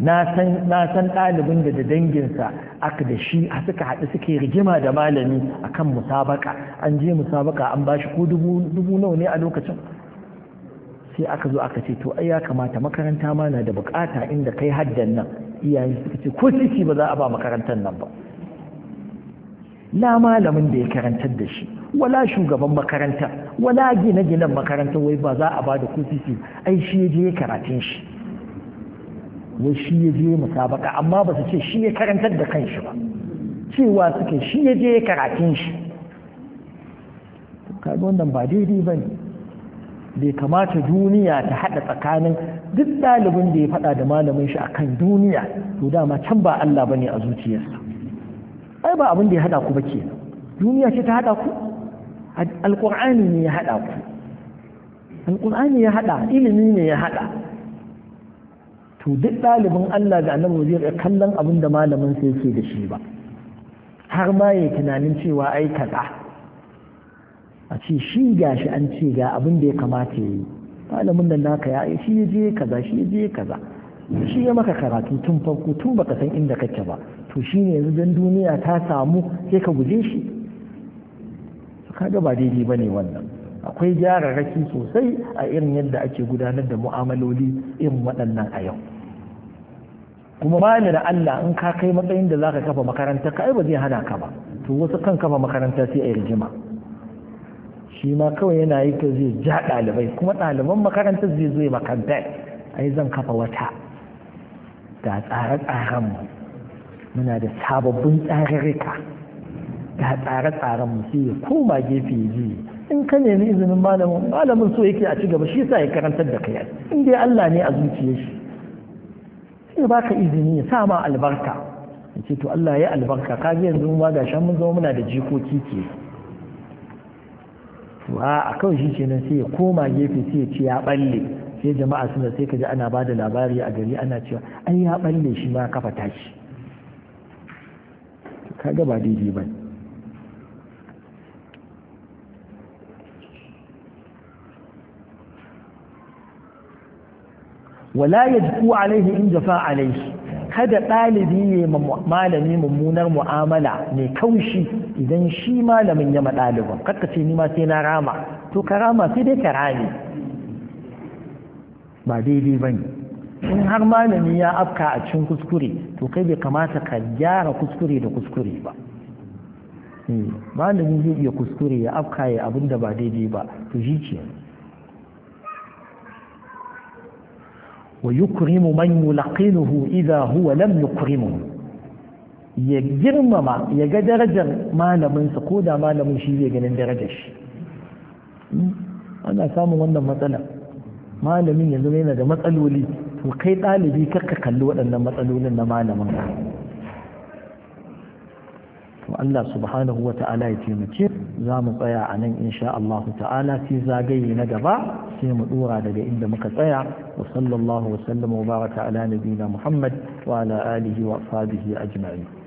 na san ɗalibin da da danginsa aka da shi a suka haɗu suke rigima da malami akan musabaka an je musabaka an ba shi ko dubu nawa ne a lokacin sai aka zo aka ce to ai ya kamata makaranta ma na da bukata inda kai haddan nan iyaye suka ce ko sisi ba za a ba makarantar nan ba la malamin da ya karantar da shi wala shugaban makaranta wala gine-ginen makarantar wai ba za a ba da ko ai shi ya je karatun shi wai shi ya je musabaka amma ba su ce shi ya karantar da kanshi ba cewa suke shi ya je karatun shi kaga wannan ba daidai ba ne bai kamata duniya ta haɗa tsakanin duk ɗalibin da ya faɗa da malamin shi akan duniya to dama can ba Allah bane a zuciyarsa ai ba abin da ya haɗa ku ba ke duniya ce ta haɗa ku alƙur'ani ne ya haɗa ku alƙur'ani ya haɗa ilimi ne ya haɗa to duk ɗalibin Allah ga annabi zai ga kallon abin da malamin sa yake da shi ba har ma ya tunanin cewa ai kaza a ce shi gashi an ce ga abin da ya kamata yi malamin nan naka ya shi ya je kaza shi ya je kaza shi ya maka karatu tun farko tun baka san inda kake ba to shi yanzu dan duniya ta samu sai ka guje shi kaga ba daidai bane wannan akwai gyararraki sosai a irin yadda ake gudanar da mu'amaloli irin waɗannan a yau kuma da Allah in ka kai matsayin da zaka kafa makaranta ka ai ba zai hana ka ba to wasu kan kafa makaranta sai a yi rigima shi ma kawai yana yi ka zai ja ɗalibai kuma ɗaliban makaranta zai zo ya makaranta ai zan kafa wata ga tsare-tsaren mu muna da sababbin tsararrika ga tsare-tsaren mu sai ya koma gefe ya in ka nemi izinin malamin malamin so yake a ci gaba shi sa ya karantar da kai in dai Allah ne a zuciyar shi sai baka izini ya sama albarka ya ce to Allah ya albarka ka ga yanzu ma ga shan mun zama muna da jikoki ke to a kawai shi nan sai ya koma gefe sai ya ce ya balle sai jama'a suna sai ka ji ana ba da labari a gari ana cewa ai ya balle shi ma kafa tashi kaga ba daidai bane wala yajku alaihi in jafa alaihi kada ɗalibi ne malami mummunar mu'amala mai kaushi idan shi malamin ya ma ɗaliban kakka ce ni ma sai na rama to ka rama sai dai ka rame ba daidai ba ne in har malami ya afka a cikin kuskure to kai bai kamata ka gyara kuskure da kuskure ba eh, malami zai iya kuskure ya afka ya abin da ba daidai ba to shi ce wa yukrimu man yulaqinuhu idza huwa lam yukrimuhu ya girmama ya ga darajar malaminsa ko da malamin shi zai ganin darajar shi ana samun wannan matsala malamin yanzu yana da matsaloli to kai ɗalibi ka kalli waɗannan matsalolin na malamin ka to Allah subhanahu wa ta'ala ya taimake za mu tsaya a nan insha Allah ta'ala sai zagaye na gaba sai mu dora daga inda muka tsaya wa sallallahu wa sallama wa baraka ala nabiyina Muhammad wa ala alihi wa ashabihi ajma'in